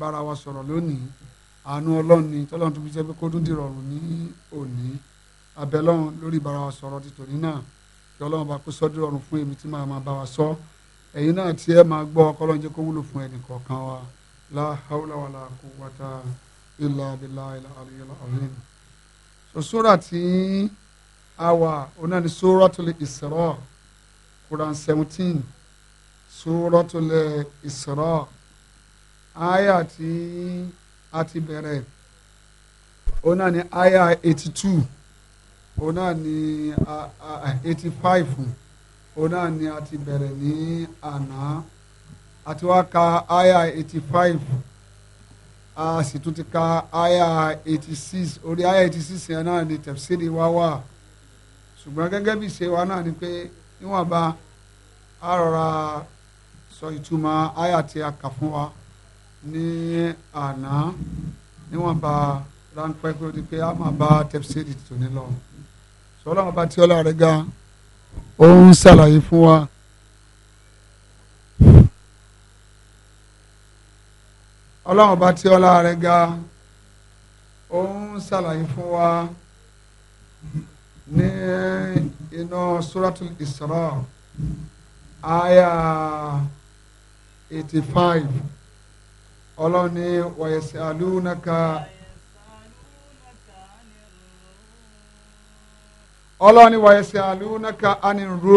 bára wa sọ̀rọ̀ lónìí àánú ọlọ́run ni tọ́lọ́run tó fi jẹ́ pé kó tún dìrọ̀rùn ní òní abẹ́lọ́run lórí bára wa sọ̀rọ̀ ti tòní náà kí ọlọ́run bá kó sọ́dún ọ̀run fún èmi tí màá máa bá wa sọ ẹ̀yin náà tí ẹ máa gbọ́ ọkọ́lọ́run jẹ́ kó wúlò fún ẹnì kọ̀ọ̀kan wa la hawla wa la quwwata illa billahi al-aliyyil so sóra tí a wà oná ni suratul Isra Quran seventeen suratul Isra. aya tí a ti bẹ̀rẹ̀ o náà ni aya eighty two náà ni eighty five náà ni a ti bẹ̀rẹ̀ ni a ti ka aya eighty five a si ka aya eighty six aịa aya eighty six yẹn náà ni gẹ́gẹ́ wa náà ni pé níwọ̀nba a rọra sọ ìtumọ̀ aya a wa. ní àná níwọ̀nba ráńpẹ́ pé ó di pé a máa bá tẹ̀síìdì tòní lọ sọlá ọba tí ọlá rẹ̀ ga ó ń ṣàlàyé fún wa. ọlọ́run ọba tí ọlá rẹ̀ ga ó ń ṣàlàyé fún wa ní iná suratul Isra aya eighty five. ọlọ́ni wàyẹ̀sẹ̀ àlùnàkà ọlọ́ni wàyẹ̀sẹ̀ àlùnàkà ànírú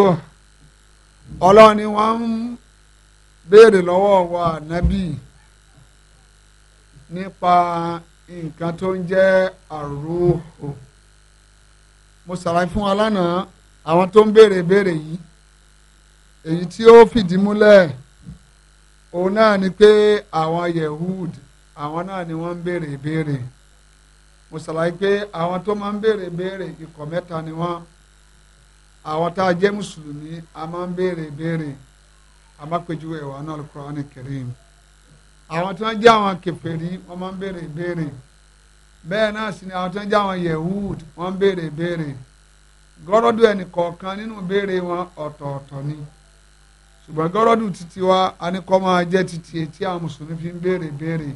ọlọ́ni wọ́n ń béèrè lọ́wọ́ wa nábì nípa nǹkan tó ń jẹ́ àrùhù mo ṣàlàyé fún wa lánàá àwọn tó ń béèrè béèrè yìí èyí tí ó fìdí múlẹ̀ òun náà ni pé àwọn yehud àwọn náà ni wọ́n ń béèrè ìbéèrè mo ṣàlàyé pé àwọn tó máa ń béèrè ìbéèrè ikọ̀ ni wọ́n àwọn tá a jẹ́ mùsùlùmí a máa ń béèrè ìbéèrè a máa péjúwe ìwà náà al àwọn tó ń jẹ́ àwọn kèfèrí wọ́n máa ń béèrè ìbéèrè bẹ́ẹ̀ náà sì ni àwọn tó ń jẹ́ àwọn yehud wọ́n ń béèrè ìbéèrè ẹnì ṣùgbọ́n gọ́rọ́dù títí wa a ní kọ́ máa jẹ́ títí etí àwọn mùsùlùmí fi ń béèrè béèrè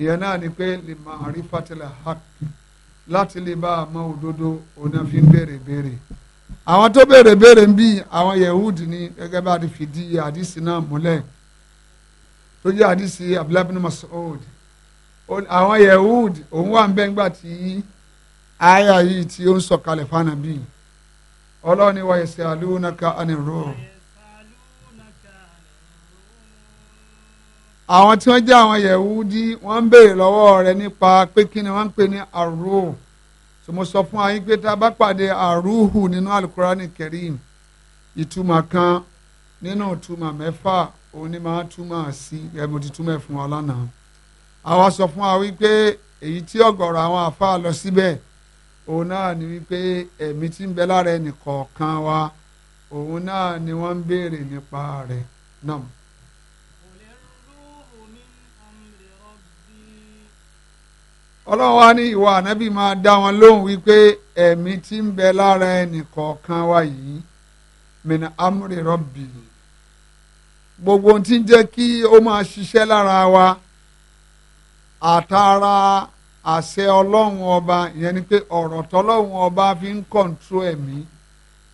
ìyẹn náà ni pé lè máa rí fatilẹ̀ hak láti lè bá a mọ òdodo ọ̀nà fi ń béèrè béèrè àwọn tó béèrè béèrè ń bí àwọn yehud ni gẹ́gẹ́ bá ti fìdí àdìsí náà múlẹ̀ tó jẹ́ àdìsí abdullahi bin àwọn yehud òun wà ń bẹ ńgbà tí àyà yìí tí ó ń sọ̀kalẹ̀ fánàbí ọlọ́ọ̀ni wáyé sí àlùhùn náà ká àwọn tí wọ́n jẹ́ àwọn yẹ̀wúdí wọ́n ń béèrè lọ́wọ́ rẹ̀ nípa pé kí ni wọ́n ń pè ní àrò tó mo sọ fún ayé pé tá a bá pàdé àrùhù nínú alukurani kerim ìtumọ̀ kan nínú ìtumọ̀ mẹ́fà òun ni máa túmọ̀ sí ẹ̀ mo ti túmọ̀ ẹ̀ fún wa lánàá àwa sọ fún wa wípé èyí tí ọ̀gọ̀rọ̀ àwọn àfa lọ síbẹ̀ òun náà ni wípé ẹ̀mí tí ń bẹ lára ẹnì kọ̀ọ̀kan wa òun náà ni wọ́n ń béèrè nípa rẹ̀ náà. ọlọ́run wa ní ìwà ànábì máa dá wọn lóhùn wípé ẹ̀mí ti ń bẹ lára ẹnì wa yìí mìíràn amúre rọ́bì gbogbo ohun tí ń jẹ́ kí ó máa ṣiṣẹ́ lára wa àtàrà àṣẹ ọlọ́run ọba ìyẹn ni pé ọ̀rọ̀ tọ́lọ́run ọba fi ń kọ̀ǹtró ẹ̀mí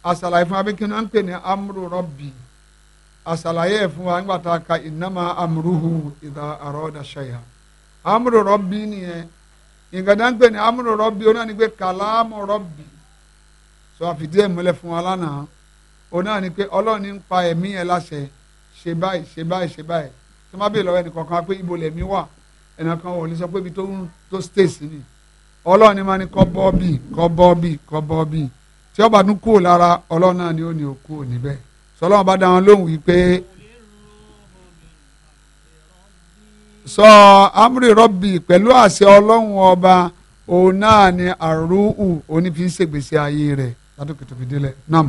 àṣàlàyé fún ń pè ní amúre rọ́bì àṣàlàyé ẹ̀ fún wa nígbà tá a ka ìnáma amúrúhu ìdá nǹkan ni ń pè ní amúrò rọ́bì ó náà ni pé kàlámù rọ́bì sọ àfìdí ẹ̀ múlẹ̀ fún wa lánàá ó ni pé ọlọ́ọ̀ni ń pa ẹ̀mí ẹ̀ láṣẹ ṣe báyìí ṣe báyìí ṣe báyìí tí wọ́n bá bèèrè lọ́wọ́ ẹnìkọ̀ọ̀kan pé ibo lẹ̀mí wà ẹnìkan ò lè sọ pé ibi tó ń tó stéèsì ni ọlọ́run ni máa ní kọ́ bọ́ọ̀bì kọ́ bọ́ọ̀bì kọ́ bọ́ọ̀bì tí ọba tún kúrò lára ọlọ́run náà ni ó ní òkú níbẹ̀ sọlọ́run bá dá lóhùn wípé sọ amúrí rọ́bì pẹ̀lú àṣẹ ọlọ́run ọba òun náà ni onífi ń ayé rẹ̀ tó fi délẹ̀ nam.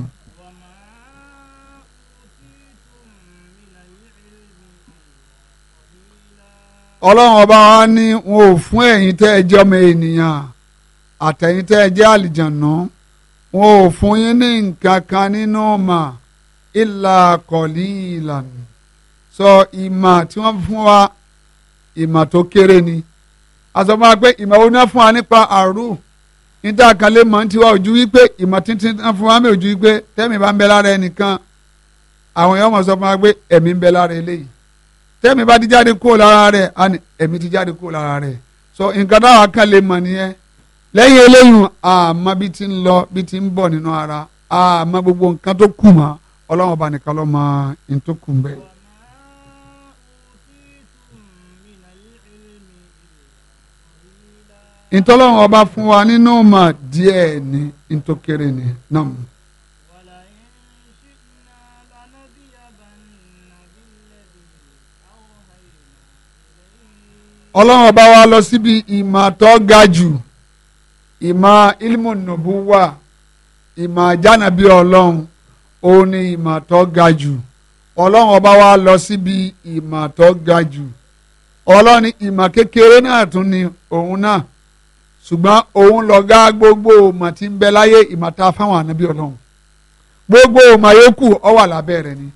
ọlọ́run ọba wa ní wọn ò fún ẹ̀yin tẹ́ ẹ jẹ́ ọmọ ènìyàn tẹ́ ẹ fún yín ní nǹkan kan ìlà sọ ìmọ̀ ìmọ̀ tó kéré ni àsọfún wa pé ìmọ̀ wo náà fún wa nípa àrùn níta kan lè mọ̀ ní tiwa ojú wípé ìmọ̀ títí náà fún wa mi ojú wípé tẹ́mi bá ń bẹ lára ẹnìkan àwọn èèyàn mọ̀ sọ fún wa ẹ̀mí ń bẹ lára eléyìí tẹ́mi bá ti jáde kúrò lára rẹ̀ àni ẹ̀mí ti jáde kúrò lára rẹ̀ so nǹkan táwa kan lè mọ̀ nìyẹn lẹ́yìn eléyìí àmọ́ bí ti ń lọ bí ti ń bọ̀ nínú ara àmọ́ gbogbo nǹkan tó kù mọ́ ọlọ́run ọba nìkan ló mọ̀ ní ntọ́lọ́run ọba fún wa nínú ọmọ díẹ̀ ni ntọ́kẹ́rẹ́ ni náà. ọlọ́run ọba wa lọ síbi ìmọ̀ tó ga jù ìmọ̀ ilmu nubuwa ìmọ̀ àjànàbí ọlọ́run òun ni ìmọ̀ tó ga jù ọlọ́run ọba wa lọ síbi ìmọ̀ tó ga jù ọlọ́run ìmọ̀ kékeré náà tún ni òun náà. ṣùgbọ́n òun lọ̀gá gbogbo ma tí ń bẹ láyé ìmọ̀ta fáwọn ànábì ọlọ́run gbogbo ìmọ̀ yòókù ó wà lábẹ́ rẹ̀ ni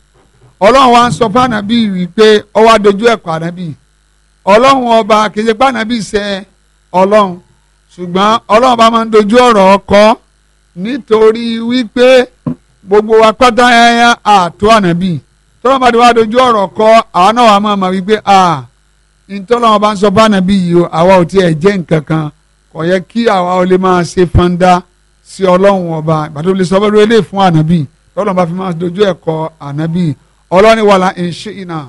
ọlọ́run wa ń sọ fún ànábì wípé ó wá dojú ọlọ́run ọba kejì pé ànábì ọlọ́run ṣùgbọ́n ọlọ́run máa ọkọ nítorí wípé gbogbo wa pátá ànábì tọ́lọ́run bá ti wá dojú ọ̀rọ̀ ọkọ àwọn náà wà máa wípé ọba ń sọ fún ànábì yìí o àwa ò tiẹ̀ kò yẹ kí àwa ò lè máa ṣe fanda sí ọlọ́run ọba ìbàdàn olè sọ bẹ́ẹ̀ lè fún ànábì lọ́dọ̀ bá fi máa dojú ẹ̀kọ́ ànábì ọlọ́ni wàhálà ń ṣe iná.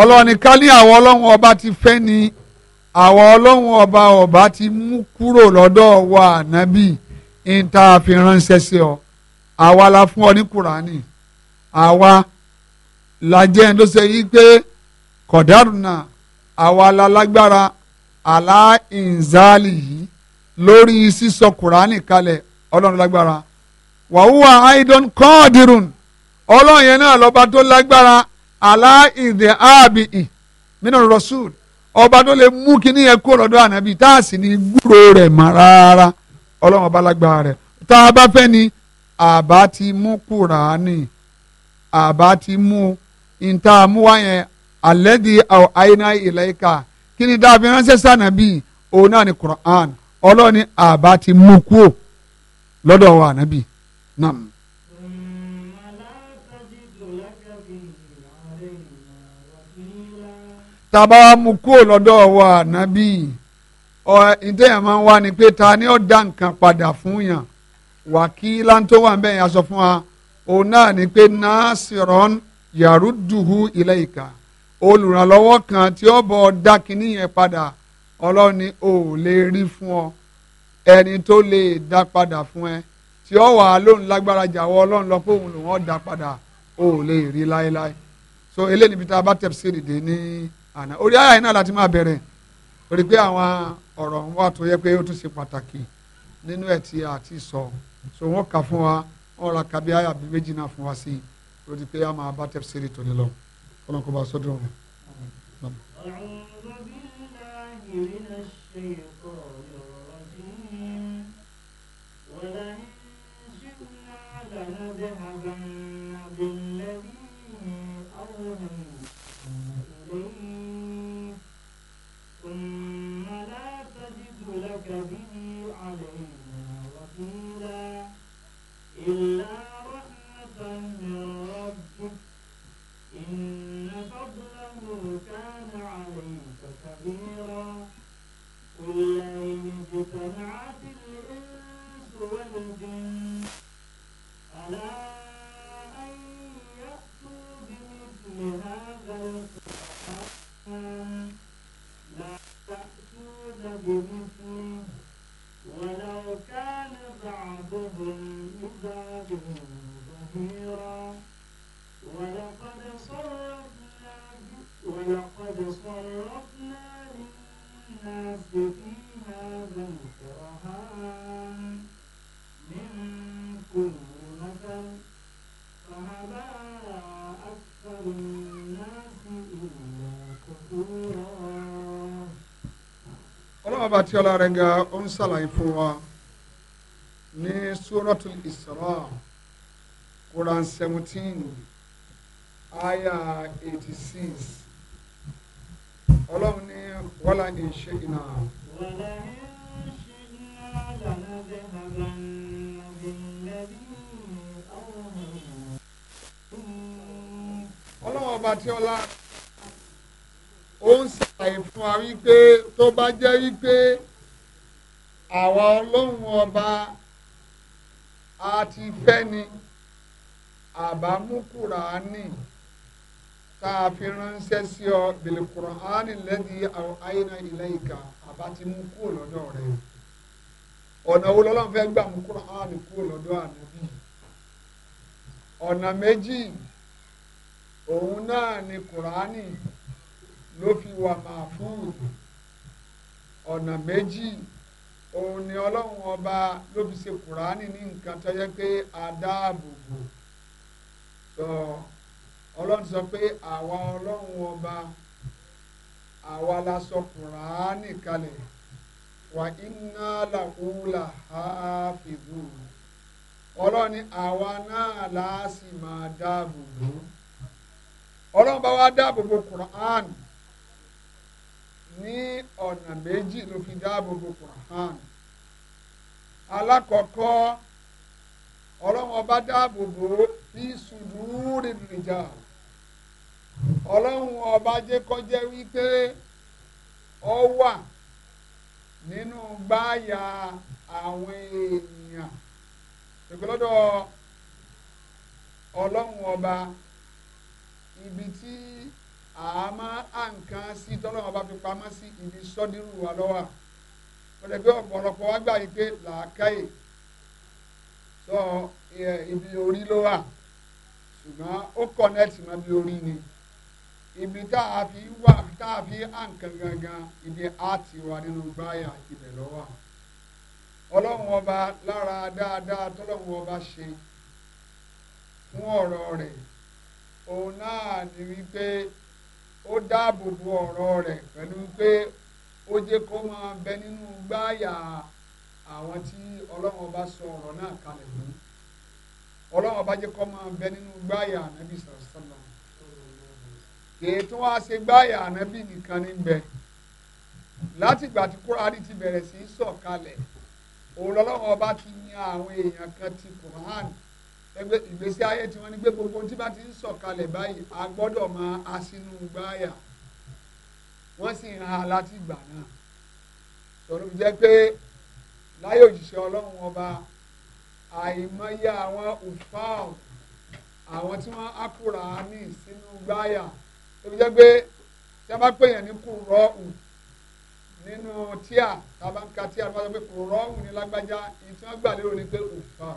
ọlọ́ni ká ní àwọn ọlọ́run ọba ti fẹ́ ni àwọn ọlọ́run ọba ọba ti mú kúrò lọ́dọ̀ wa ànábì ń ta àfihàn ránṣẹ́ sí ọ àwa la fún ọ ní kùránì àwa lajẹ́ ẹni tó ṣe yí pé kọ̀dárùnà àwa la lágbára àlá ìnzálì yìí lórí sísọ kùránì kalẹ̀ ọlọ́run lágbára wàhùwà aidan kọ́ọ̀dìrún ọlọ́run yẹn náà lọ́ba tó lágbára àlá ì mínà rasul ọba tó lè mú kíní yẹn kó lọ́dọ̀ ànábì tá a sì ní gbúrò rẹ̀ mọ́ rárá ọlọ́run ọba lágbára rẹ̀ tá a bá fẹ́ ni àbá ti mú kùránì àbá ti mú un nta mú wá yẹn alẹ́dí àwọn àyíná ìlẹ́ka kí ni dáàbí ránṣẹ́ sànàbí òun náà ni Qur'an ọlọ́ọ̀ni àbá ti mú kúò lọ́dọ̀ wa ànábì náà. tàbá mú kúò lọ́dọ̀ wa ànábì ọ ìtẹ̀yàn máa ń wá ni pé ta ni ó dá nǹkan padà fún yàn wàkí láńtó wà ń bẹ́ẹ̀ yẹn aṣọ fún wa òun náà ni pé nasiron yaruduhu ilayka olùrànlọ́wọ́ kan tí ó bọ̀ dá kinní yẹn padà ọlọ́run ni ò lè rí fún ọ ẹni tó lè dá padà fún ẹ tí ó wà lóun lágbára jàwọ́ ọlọ́run lọ fóun lòun ó dá padà ò lè rí láéláé so eléyìí níbi tá a bá tẹ̀sí dìde ní àná orí àyà yìí náà láti máa bẹ̀rẹ̀ torí pé àwọn ọ̀rọ̀ wà tó yẹ pé ó tún ṣe pàtàkì nínú ẹ̀ tí a ti sọ so wọ́n kà fún wa ọ̀rọ̀ kabi àyà méjì náà fún wa sí lórí pé a máa bá tafsiri tó ní lọ kọ́nà kó bá sọ́dọ̀ ولئن شئنا لنذهبن إلا ọlọ́ba tí ọlá rẹ̀ ga ó ń ṣàlàyé fún wa ní suratul Isra Quran seventeen aya eighty six ọlọ́run ní wala in shi'na. wala in shi'na lanadhhabanna ṣàlàyé fún wa wípé tó bá jẹ́ wípé àwa ọlọ́run ọba a ti fẹ́ ni àbámúkúránì tá a fi ránṣẹ́ sí ọ bìlìkùránì lẹ́dí àyínà ilẹ̀ ìka àbá ti mú kúrò lọ́dọ̀ rẹ̀ ọ̀nà wo lọ́lọ́run fẹ́ gbà mú kúránì kúrò lọ́dọ̀ ànábì ọ̀nà méjì òun náà ni kùránì ló fi wà máa fún òdò ọ̀nà méjì òun ni ọlọ́run ọba ló fi ṣe kùránì ní nǹkan tó yẹ pé adáàbòbò sọ ọlọ́run sọ pé àwa ọlọ́run ọba àwa la sọ kùránì kalẹ̀ wà iná làkúlà háàfìdù ọlọ́run ni àwa náà láà sì máa dáàbòbò ọlọ́run bá wa dáàbòbò kùránì. ní ọ̀nà méjì ló fi dáàbò bò Quran alákọ̀ọ́kọ́ ọlọ́run ọba dáàbò bò ó fi sùdúrì rìjà ọlọ́run ọba jẹ́ kọjá wípé ọ wà nínú gbáyà àwọn èèyàn ìgbọ́lọ́dọ̀ ọlọ́run ọba ibi tí. àmọ́ à nǹkan sí tọ́lọ́wọ́n bá fi pamọ́ sí ibi sọ́dírù wa lọ́wọ́ ọ̀dẹ̀ bí ọ̀pọ̀lọpọ̀ wá gbà yìí pé làákàyè sọ ibi orí ló wà ṣùgbọ́n ó kọ̀nẹ́tì mọ́ bí orí ni ibi tá a fi wà tá a fi à nǹkan gangan ibi àti wà nínú báyà ibẹ̀ lọ́wọ́ ọlọ́run ọba lára dáadáa tọ́lọ́run ọba ṣe fún ọ̀rọ̀ rẹ̀ òun náà ní wípé ó dáàbò bo ọ̀rọ̀ rẹ̀ pẹ̀lú pé ó jẹ́ kó máa bẹ nínú gbáàyà àwọn tí ọlọ́run ọba sọ ọ̀rọ̀ náà kalẹ̀ fún ọlọ́run ọba jẹ́ kó bẹ nínú gbáàyà ànábì sọ̀rọ̀sọ̀rọ̀ kìí tún wá ṣe gbáàyà ànábì nìkan tí ti bẹ̀rẹ̀ sí sọ̀kalẹ̀ ọba ti yan àwọn èèyàn kan ti ẹgbẹ́ ìgbésí ayé tiwọn ni pé gbogbo tí bá ti ń sọ̀kalẹ̀ báyìí a gbọ́dọ̀ máa a sínú gbáyà wọ́n sì ń ha láti ìgbà náà sọ̀rọ̀ jẹ́ pé láyé òjíṣẹ́ ọlọ́run ọba àìmọye àwọn òfáà àwọn tí wọ́n á kúra ní sínú gbáyà sọ̀rọ̀ jẹ́ pé tí a bá pèèyàn ní kúrọ́ ù nínú tíà tá a bá ń ka tíà ló bá sọ pé kúrọ́ ù ní lágbájá ìtí wọ́n gbà lérò ní pé òfáà.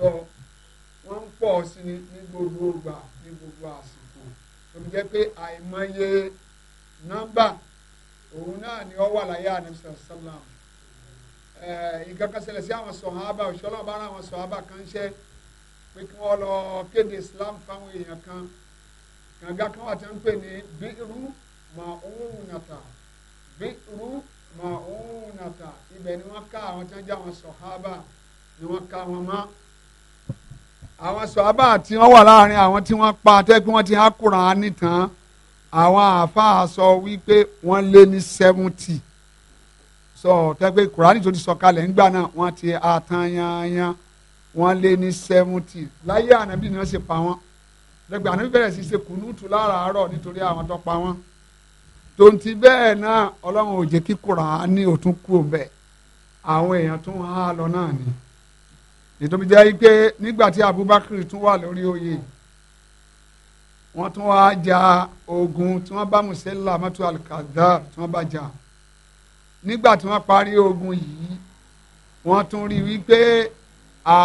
so wọ́n ń pọ̀ sí ni ní gbogbo ìgbà ní gbogbo àsìkò tóbi jẹ́ pé àìmọye nọ́mbà òun náà ni ó wà láyé àdìsọ sálàm ìkankanṣẹlẹ̀ sí àwọn sọ̀hábà òṣìṣọ́lọ́ bá àwọn sọ̀hábà kan ṣe pé kí wọ́n lọ kéde Islam fáwọn èèyàn kan gàgà kan wà tí wọ́n ń pè ní bírú màúnàtà bírú màúnàtà ibẹ̀ ni wọ́n ká àwọn tí wọ́n jẹ́ àwọn sọ̀hábà ni wọ́n ká wọn mọ́ àwọn sọ̀hábà tí wọ́n wà láàrin àwọn tí wọ́n pa tẹ́gbẹ́ wọ́n ti há Kùránì tán àwọn àáfàá sọ wípé wọ́n lé ní seventy sọ tẹ́gbẹ́ Kùránì tó ti sọ kalẹ̀ ńgbà náà wọ́n ti àtàn yanyan wọ́n lé ní seventy láyé ànábì ni wọ́n ṣe pa wọ́n lẹ́gbẹ̀ẹ́ ànábì bẹ̀rẹ̀ sí ṣe kùnúùtù láràárọ̀ nítorí àwọn tó pa wọ́n tonti bẹ́ẹ̀ náà ọlọ́run ò jẹ́ kí Kùránì ò tún kú bẹ́ẹ̀ àwọn èèyàn tún há lọ náà ni ìtòbí jẹ́ pé nígbà tí Abubakar tún wà lórí oyè wọ́n tún wá ja ogun tí wọ́n bá musela mọ́tò alikada tí wọ́n bá jà nígbà tí wọ́n parí ogun yìí wọ́n tún rí wípé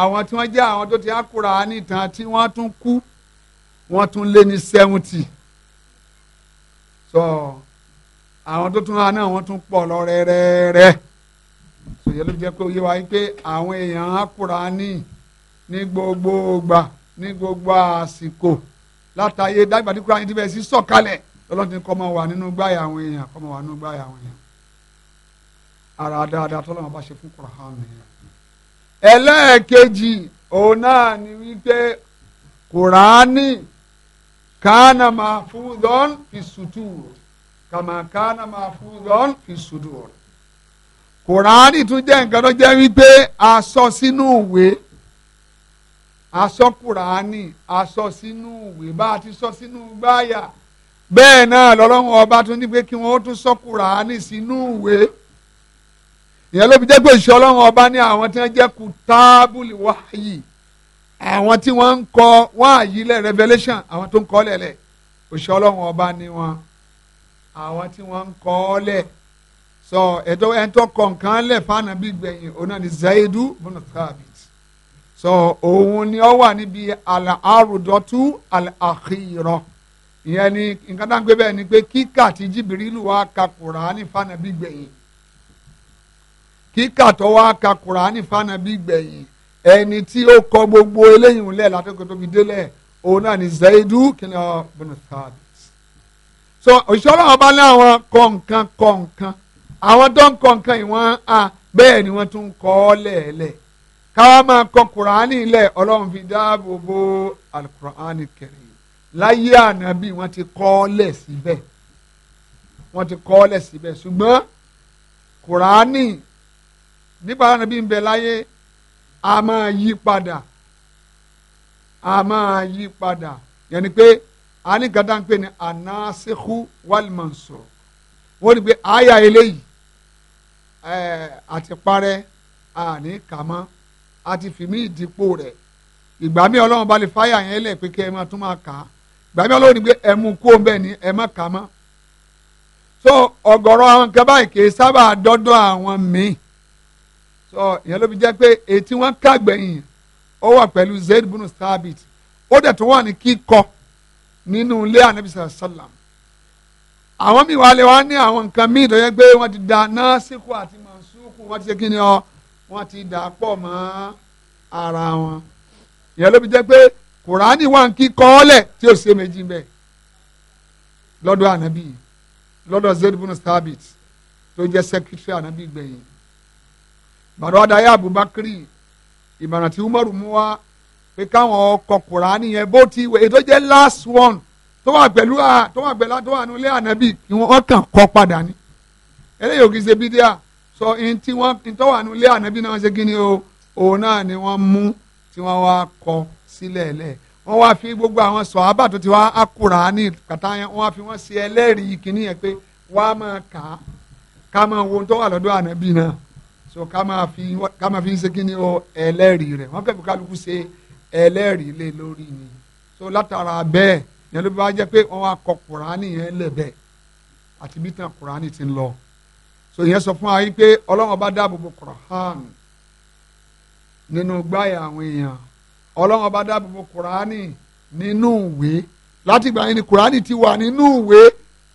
àwọn tí wọ́n jẹ́ àwọn tó ti ákúra nìtàn tí wọ́n tún kú wọ́n tún lé ní seventy sọ àwọn tó tún wá náà wọ́n tún pọ̀ lọ rẹ́rẹ́rẹ́. So, ìyẹn ló jẹ́ pé yé wa yìí pé àwọn èèyàn á Kùránì ní gbogbo ìgbà ní gbogbo àsìkò látàyè dágbà tí Kùránì ti bẹ̀rẹ̀ sí sọ̀kalẹ̀ lọ́lọ́dún kọ́ máa wà nínú gbáyà àwọn èèyàn kọ́ máa wà nínú gbáyà àwọn èèyàn ara dáadáa tọ́lọ́mọ bá ṣe fún Kùránì yẹn. ẹlẹ́ẹ̀kejì òun náà ni wípé Kùránì kana mahfudhon fi sudur kama kana mahfudhon fi sudur kùránì tún jẹ́ nǹkan tó jẹ́ wípé aṣọ sínú ìwé aṣọ kùránì aṣọ sínú ìwé bá a ti sọ sínú gbáyà bẹ́ẹ̀ náà lọ́lọ́run ọba tún ní pé kí wọ́n tún sọ kùránì sínú ìwé ìyẹn ló fi jẹ́ pé ìṣọ́ ọlọ́run ọba ní àwọn tí wọ́n jẹ́ kù tábùlì wáyì àwọn tí wọ́n ń kọ wáyì lẹ̀ revelation àwọn tó ń kọ́ lẹ̀ lẹ̀ ìṣọ́ ọlọ́run ọba ní wọn àwọn tí wọ́n ń kọ́ lẹ̀ so ẹtọ ẹtọ kọǹkan lẹ fana bí gbẹ̀yìn ọ̀nà ni zayidu bọ́nà thabit so òun ni ọ wà níbi al-arudatu al-akhira ìyẹn ni nǹkan tá à ń gbé bẹ́ẹ̀ ni pé kíkà tí jìbìrìlù wa ka kùránì fana bí gbẹ̀yìn kíkà tó wa ka kùránì fana bí gbẹ̀yìn ẹni tí ó kọ gbogbo eléyìí lẹ̀ látọ̀kọ̀ tóbi délẹ̀ òun náà ni zayidu kìnìún bọ́nà thabit so òṣìṣẹ́ ọlọ́run ọba ní àwọn kọ̀ǹkan kọ̀ǹkan àwọn tó ń kọ nǹkan ìwọ̀n a bẹ́ẹ̀ ni wọ́n tún kọ́ ọ lẹ́ẹ̀lẹ̀ káwa máa kọ kùránì lẹ̀ ọlọ́run fi dáàbò bo alukùránì kẹrin láyé ànábì wọ́n ti kọ́ ọ lẹ̀ síbẹ̀ wọ́n ti kọ́ ọ lẹ̀ síbẹ̀ ṣùgbọ́n kùránì nípa ànábì ń bẹ láyé a máa yí padà a máa yí padà yẹn ni pé a ní gàdá ń pè ní anaseku walimanso wọ́n ní pé àyà eléyìí àti parẹ́ àní kàmọ́ àti fìmí ìdìpò rẹ̀ ìgbà mi ọlọ́run bá lè fáyà yẹn lẹ̀ pé kí ẹ máa tún máa kà á ìgbà mi ọlọ́run ní pé ẹ mú kó bẹ́ẹ̀ ni ẹ má kà á mọ́ so ọ̀gọ̀rọ̀ àwọn kan báyìí kì í sábà dọ́dọ̀ àwọn míì so ìyẹn ló fi jẹ́ pé etí wọn kàgbẹ̀yìn ó wà pẹ̀lú zayd bunu sabit ó dẹ̀ tó wà ní kíkọ nínú ilé anabi sallam àwọn míì wà lè wá ní àwọn nǹkan míì tó yẹ pé wọ́n ti da násìkò àti màsúkù wọ́n ti ṣe kí ni ọ wọ́n ti dà pọ̀ mọ́ ara wọn. ìyẹn ló fi jẹ́ pé kùránì wà ń kí kọ́ọ́lẹ̀ tí ó ṣe méjì bẹ́ẹ̀ lọ́dọ̀ ànábì lọ́dọ̀ zayd bin tó jẹ́ sẹ́kítírì ànábì gbẹ̀yìn. bàdó adáyé abubakari ìmọ̀ràn tí umaru mú wá pé káwọn ọkọ̀ kùránì yẹn bó ti wẹ̀ èyí tó jẹ́ last one tó wà pẹ̀lú à tó wà pẹ̀lú tó wà nílé ànábì kí wọ́n kàn kọ́ padà ni eléyìí ò kì í ṣe sọ ẹni tí wọ́n ẹni tó wà ànábì náà ṣe kíni o òun náà ni wọ́n mú tí wọ́n wá kọ sílẹ̀ lẹ̀ wọ́n wá fi gbogbo àwọn sọ̀hábà tó ti wá àkùrà ní kàtá yẹn wọ́n wá fi wọ́n ṣe ẹlẹ́rìí kíní yẹn pé wọ́n á máa kà á ká máa wo ohun wà lọ́dọ̀ ànábì náà so ká máa fi ká máa ṣe kíni o ẹlẹ́rìí rẹ̀ wọ́n fẹ́ fi kálukú ṣe ẹlẹ́rìí lé lórí ni so látara bẹ́ẹ̀ yẹn ló bá jẹ́ pé wọ́n wá kọ kùránì yẹn lẹ́bẹ̀ẹ́ àti bí tán kùránì ti ń lọ so yẹn sọ fún wa yìí pé ọlọ́run bá dáàbò bo kùránì nínú gbáyà àwọn èèyàn ọlọ́run bá dáàbò kùránì nínú ìwé láti ìgbà yẹn ni kùránì ti wà nínú ìwé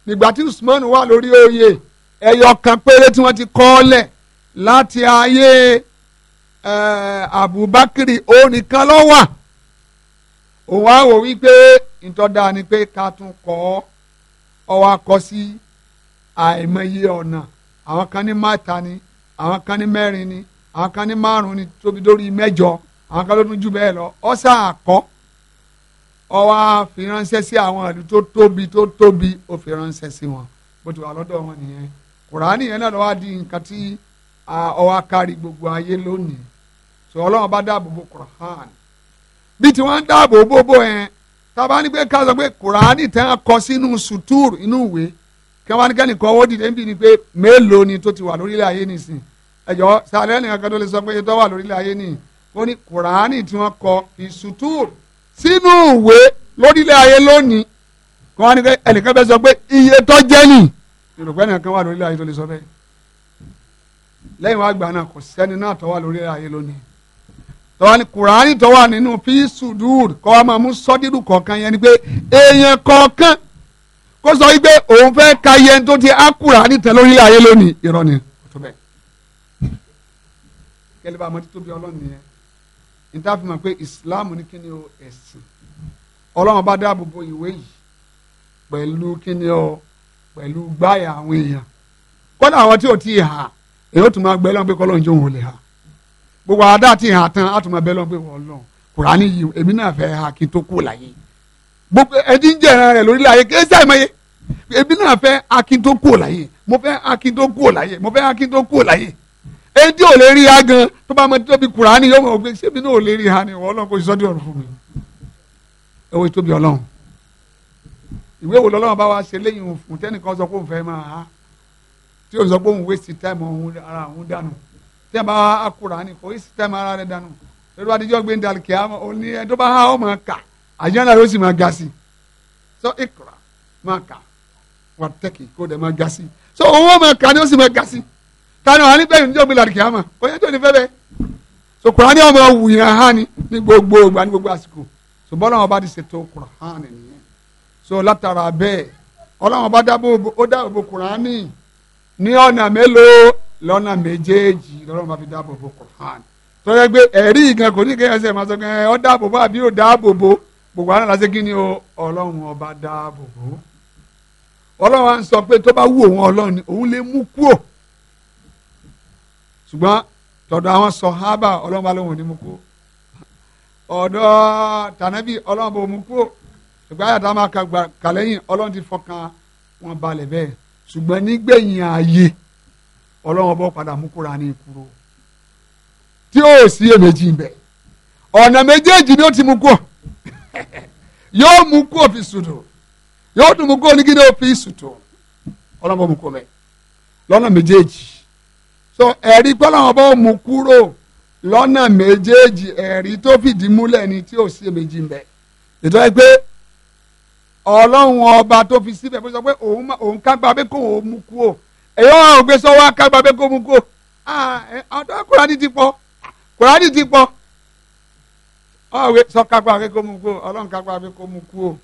nígbà tí usman wà lórí oyè ẹyọ péré tí wọ́n ti kọ́ lẹ̀ láti ayé eh, abubakar ó nìkan ló òun á wò wípé ìtọ́da ni pé ká tún kọ́ ọwọ́ akọ sí àìmọye ọ̀nà àwọn kan ní mẹ́ta ni àwọn kan ní mẹ́rin ni àwọn kan ní márùn ni tóbi dórí mẹ́jọ àwọn kan ló tún jù bẹ́ẹ̀ lọ ọ̀sà àkọ́ ọwọ́ àfiránṣẹ́ sí àwọn ìlú tó tóbi tó tóbi ó fi ránṣẹ́ sí wọn bó ti wà lọ́dọ̀ wọn nìyẹn kùránì yẹn náà lọ́wọ́ di nǹkan tí ọwọ́ akárí gbogbo ayé lónìí sọ ọlọ́run bá dáàbò bo kùránì bí tí wọ́n ń dáàbò bóbó yẹn tábà ní pé ká sọ pé kùránì tẹ́ ń kọ sínú sùtúrù inú ìwé kí wọ́n á ní kẹ́ni kọ́ owó dìde níbi ni pé mélòó ni tó ti wà lórílẹ̀ ayé nìsín ẹ̀jọ̀ sàlẹ̀ nìkan kan tó lè sọ pé tó wà lórílẹ̀ ayé nìyí ó ní kùránì tí wọ́n kọ ìsùtúrù sínú ìwé lórílẹ̀ ayé lónìí kí wọ́n á ní pé ẹnìkan bẹ́ẹ̀ sọ pé iye tó jẹ́ nì ìròpẹ́ tọ́wá ni kùránì tó wà nínú fi sùdúùd kọ́ wa máa mú sọ́dírù kọ̀ọ̀kan yẹn ni pé èèyàn kọ̀ọ̀kan kó sọ wípé òun fẹ́ ka yẹn tó ti á kùránì tẹ lórílẹ̀ ayé lónìí irọ́ ni kẹlẹ́bà àmọ́ títún bí ọlọ́run yẹn níta fi mọ̀ pé ìsìláàmù ní kíni o ẹ̀sìn ọlọ́run bá dáàbò bo ìwé yìí pẹ̀lú kíni o pẹ̀lú gbáyà àwọn èèyàn kọ́dà àwọn tí ò ti hà èyí ó tún máa gbẹ́ lọ́n gbogbo àwọn adáàtì hàn tán á tún máa bẹ lọ́n pé Ọlọ́run kùránì yìí èmi náà fẹ́ ha kí n tó kú láyé gbogbo ẹdí ń jẹ̀ràn rẹ̀ lórílẹ̀ ayé kéésì àìmọye èmi náà fẹ́ ha kí n tó kú láyé mo fẹ́ ha kí n tó kú láyé mo fẹ́ ha kí n tó kú láyé ẹdí ò lè rí ha gan tó bá mọ tóbi kùránì yóò mọ̀ pé sẹ́mi náà ò lè rí ha ni Ọlọ́run kò sọ́dí ọ̀rọ̀ fún mi ẹ wo tóbi Ọlọ́run ìwé wo lọ́lọ́run bá wa ṣe lẹ́yìn òfun tẹ́nìkan sọ tí a bá akura ni kò í sì tẹ́mọ ara rẹ̀ dànù lórí adijọ́ gbé ń dalí a mọ̀ òní ẹ̀ tó bá há ọ́ máa kà àjẹ́nà yóò sì máa ga sí so ikra máa kà wà tẹ́kì kó dẹ̀ máa ga sí so owó máa kà ni ó sì máa ga sí tani wàá ní bẹ́ẹ̀ ní jọ́gbé dalí kí a mọ̀ kò yẹ tó ní fẹ́ bẹ́ẹ̀ so Kùránì ọmọ wùyàn hàn ni ní gbogbo ìgbà ní gbogbo àsìkò so bọ́lá wọn bá ti ṣètò Kùránì nìyẹn so látara bẹ́ẹ̀ ọlọ́wọ́n bá dábò ó dábò Kùránì ní ọ̀nà mélòó lọ́nà méjèèjì lọ́nà bá fi dáàbò bo Quran tọ́jà gbé ẹ̀rí ìgbà kò ní kéèyàn ṣe máa sọ pé ọ dáàbò bo àbí ò dáàbò bo gbogbo àwọn aláṣẹ kí ni o ọlọ́run ọba dáàbò bo ọlọ́run à ń sọ pé tó bá wù òun ọlọ́run ni òun lè mú kúò ṣùgbọ́n tọ̀dọ̀ àwọn sàhábà ọlọ́run bá lóun ò ní mú kúò ọ̀dọ̀ tànábì ọlọ́run bò mú kúò ìgbà yàtọ̀ máa kà lẹ́yìn ọlọ́run ti fọkàn wọn balẹ̀ bẹ́ẹ̀ ọlọ́run ọba padà mú kúra ní ìkúrò tí ó sì èméjì ń bẹ ọ̀nà méjèèjì ni ó ti mú kú yóò mú kú òfin sùtò yóò tún mú kú onígídé òfin sùtò ọlọ́run mú kú mẹ́ lọ́nà méjèèjì so ẹ̀rí pọ́lọ́run ọba mú kúrò lọ́nà méjèèjì ẹ̀rí tó fìdí múlẹ̀ ni tí ó sì èméjì ń bẹ ètò ẹ pé ọlọ́run ọba tó fi síbẹ̀ fún sọ pé òun kágbá pé kò òun mú kú o èyí wọn ò gbé sọ́wọ́ akágbá bẹ́ẹ̀ kó mu kurani ah, ọ̀dọ́ eh, ah, kùránì ti pọ̀ kùránì ti pọ̀ ọ̀wé sọ́kápá bẹ́ẹ̀ kó mu kó ọlọ́run kápá bẹ́ẹ̀ kó mu kú o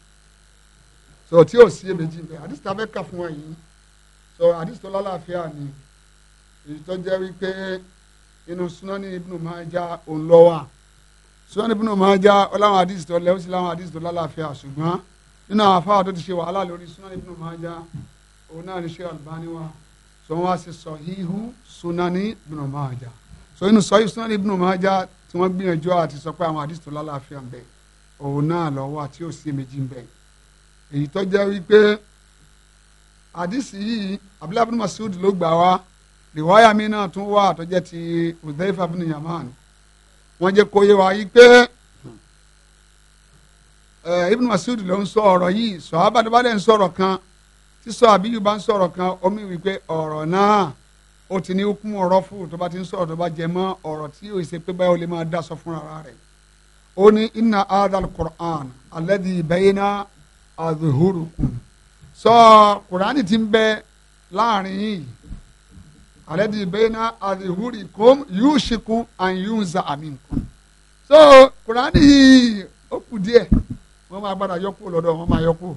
sọ tí ò sí èméjì bẹ́ẹ̀ àdìsí ta bẹ́ẹ̀ kà fún wa yìí sọ àdìsí tó lálàáfíà ni èyí tó jẹ́ wípé inú sunani ibnu maja òun lọ wà sunani ibnu maja ọláwọn àdìsí tó lẹ́wọ́ sí láwọn àdìsí tó lálàáfíà ṣùgbọ́n nínú àwọn afáwà tó ti ṣe wàhálà lórí sunani ibnu maja òun náà ní ṣe àlùbáníwá so wọ́n wá sí sọ̀híhù sunani ibn Majah so inú sọ̀híhù sunani ibn Majah tí wọ́n gbìyànjú àti sọ pé àwọn àdìsí tó lálàáfíà ń bẹ òun náà lọ́wọ́ àti òsì méjì ń bẹ èyí tó jẹ́ wípé àdìsí yìí abdullahi ibn Mas'ud ló gbà wá rìwáyà mi náà tún wà tó jẹ́ ti Hudhayfa ibn Yaman wọ́n jẹ́ kó yé wa yìí eh, Mas'ud ló ń sọ ọ̀rọ̀ yìí sọ̀hábàdàbàdà ń sọ̀rọ̀ kan sísọ àbíyù bá ń sọ̀rọ̀ kan omi wípé ọ̀rọ̀ náà ó ti ní kún ọ̀rọ̀ fún tó bá ti ń sọ̀rọ̀ tó bá jẹ mọ́ ọ̀rọ̀ tí yóò ṣe pé báyìí ó lè máa dá sọ fúnra rẹ̀ ó ní inna adal Qur'an alladhi bayna adhurukum sọ Qur'an ti ń bẹ láàrin yìí alladhi bayna adhurikum yushiku an yunza aminkum so Qur'an yìí ó kù díẹ̀ wọ́n máa gbára yọkù lọ́dọ̀ wọ́n máa yọkù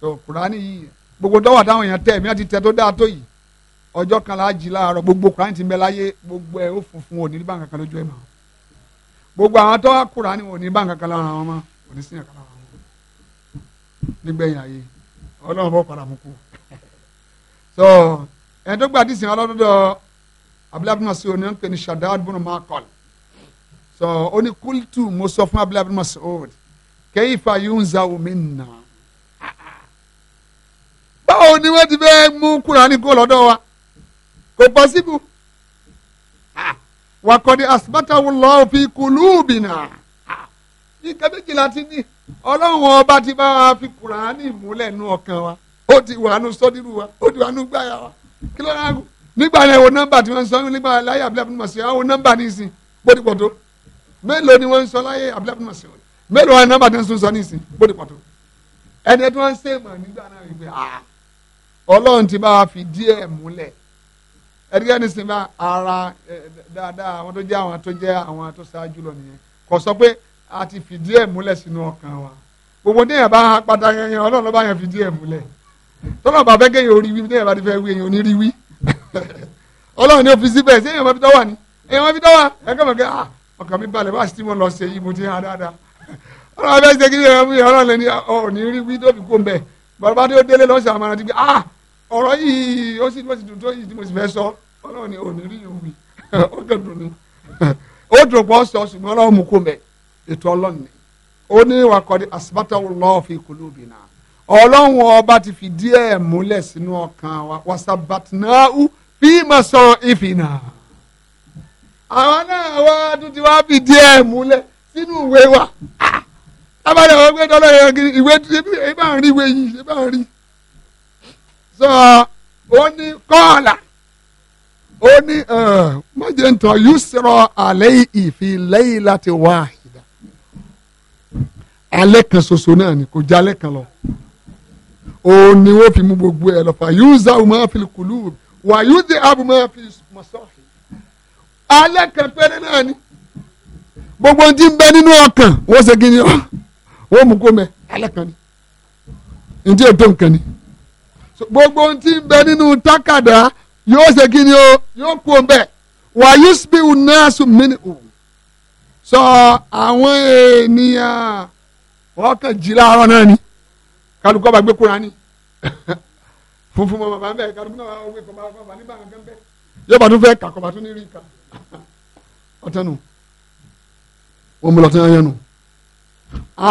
so kurani yìí gbogbo dọ́wà táwọn èèyàn tẹ̀ mí àti tẹ̀ tó dáa tó yìí ọjọ́ kan láà jí láàárọ̀ gbogbo kurani ti ń bẹ láyé gbogbo ẹ̀ ó funfun òní níbà kankan lójú ẹ̀ mọ́ gbogbo àwọn tó wá kùránì òní níbà kankan lára wọn mọ́ òní sí ẹ̀ka wọn nígbẹ̀yìn ayé ọlọ́run bọ́ padà mú kú so ẹni tó gba àdìsí ọlọ́dọ̀dọ̀ abúlábí Mas'ud ní wọn pè ní Shaddad bin Makal so ó ní kúltù mo sọ fún abúlábí Mas'ud kayfa yunza minna báwo ni wọ́n ti fẹ́ mú kúránì kó lọ́dọ̀ wa kò pọ́síbù wàkọ́ni asibátàwù lọ́ọ́ fi kùlùbìnà nǹkan méjìlá ti ní ọlọ́run ọba ti bá wa fi kùránì múlẹ̀ nú ọkàn wa ó ti wà nù sọ́dírù wa ó ti wà nù gbáyà wa kí ló dáa nígbà yẹn wo nọ́mbà tí wọ́n ń sọ nígbà láyé abúlé abúlé màsí àwọn nọ́mbà ní ìsìn gbódìpọ̀tò mélòó ni wọ́n sọ láyé abúlé abúlé màsí mélòó àwọn nọ́mbà tí wọ́n sọ ní ìsìn gbódìpọ̀tò ẹni tí wọ́n ń sèmọ̀ nígbà náà wípé ah ọlọ́run ti bá wa fi díẹ̀ múlẹ̀ ẹ̀dígẹ́ ní sinmi ara dáadáa àwọn tó jẹ́ àwọn tó jẹ́ àwọn tó ṣáájú lọ nìyẹn kò sọ pé a ti fi díẹ̀ múlẹ̀ sínú ọkàn wa gbogbo déèyàn bá pátá yẹn ọlọ́run ló bá yẹn fi díẹ̀ múlẹ̀ tọ́lọ̀ bá fẹ́ kéèyàn orí wí déèyàn bá ti fẹ́ wí èèyàn onírí wí ọlọ́run ní òfin síbẹ̀ sí èèyàn máa fi tọ́wà ni èèyàn máa fi tọ́wà ẹ̀kọ́ mọ̀ kẹ́ ah ọkàn mi balẹ̀ báyìí tí mo lọ ṣe yìí mo ti hàn dáadáa ọlọ́run fẹ́ ṣe kí ni ọlọ́run lẹ́ni ọ̀ ah, ní rí wí tó fi kó ń bẹ̀ bàbá tó délé lọ́sàn-án máa ti gbé ah ọ̀rọ̀ yìí ó sì bó ti yìí tí mo sì fẹ́ sọ ọlọ́run ni òní rí òwì ó kẹ́ dùn ní. ó dùn pọ̀ sọ ṣùgbọ́n ọlọ́run mú kó mẹ́ ètò ọlọ́run ni ó ní wàkọ́dé asibata lọ́ọ́ fi kulubina ọlọ́run ọba ti fi díẹ̀ múlẹ̀ sínú ọkàn wa wasabatináhu fi máa sọ ìfìnà. àwọn náà wá tún ti wá fi díẹ̀ múlẹ̀ sínú ìwé wa. Ah! tábàdàn ọgbẹ́ dọ́lọ́ yẹn sọ ó ní kọ́ọ̀là ó ní mọ̀jẹ̀ntàn yusrọ̀ alẹ́ ìfi lẹ́yìn láti wá àhìdá alẹ́ kan ṣoṣo náà ni kò jálẹ̀ kan lọ òun ni wọ́n fi mú gbogbo ẹ̀ lọ́fà yúzà ọmọ fi kùlù wà yúzà abùmọ̀ fi mọ̀sọ́ọ̀hì alẹ́ kan péré náà ni gbogbo ti ń bẹ nínú ọkàn wọ́n ṣe kí ni wọ́n mú kó mẹ́ alẹ́ kan ni ǹjẹ́ ètò nǹkan ni gbogbo ohun tí ń bẹ nínú tákàdá yóò ṣe kí ni o yóò kú o bẹ́ẹ̀ wàyí bí o náà sùn mí ni o sọ àwọn ènìyàn wọ́n kàn jí náà ni kálukọ́ bá gbé kúra ni funfun mọ bàbá ń bẹ kálukọ́ bá gbé kọ́ bá bàbá nígbà kan bẹ́ẹ̀ yóò bá tún fẹ́ kàkọ́ bá tún ní rí ká ọ̀tẹ́ nu wọ́n mú lọ́tún yẹn nu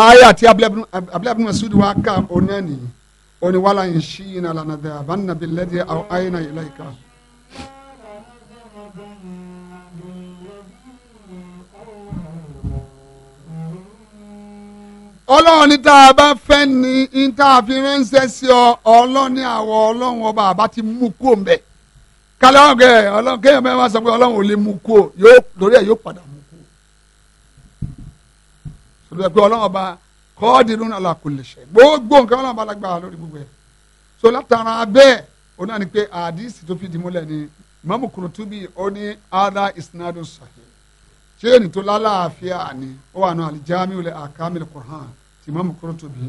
ayé àti abúlé abúlé abúlé masudu wa ká ọ̀nà nìyí ó ní wàhálà ń ṣí iná lànà dẹ̀ àbánabi lẹ́dí àyìnà ìlà ìka. ọlọ́run ní tá a bá fẹ́ ni ní tá a fi ránṣẹ́ sí ọ ọlọ́run ní àwọ̀ ọlọ́run ọba àbá ti mú kó ń bẹ̀ kálí ọ̀hún kẹ́ ọlọ́run kéèyàn mẹ́rin máa sọ pé ọlọ́run ò lè mú kó yóò lórí ẹ̀ yóò padà mú kó. sọ̀rọ̀ pé ọlọ́run ọba kọ́ọ̀dìrún alákùlẹ̀ṣẹ̀ gbogbo nǹkan ọlọ́run bá lágbára lórí gbogbo ẹ̀ so látara bẹ́ẹ̀ òun náà ni pé àdìsí tó fi dìmúlẹ̀ ni mọ́mú Kurtubi ó ní ada isnadu sahih ṣéènì tó lálàáfíà ni ó wà ní alijamiul akamil Qur'an ti mọ́mú Kurtubi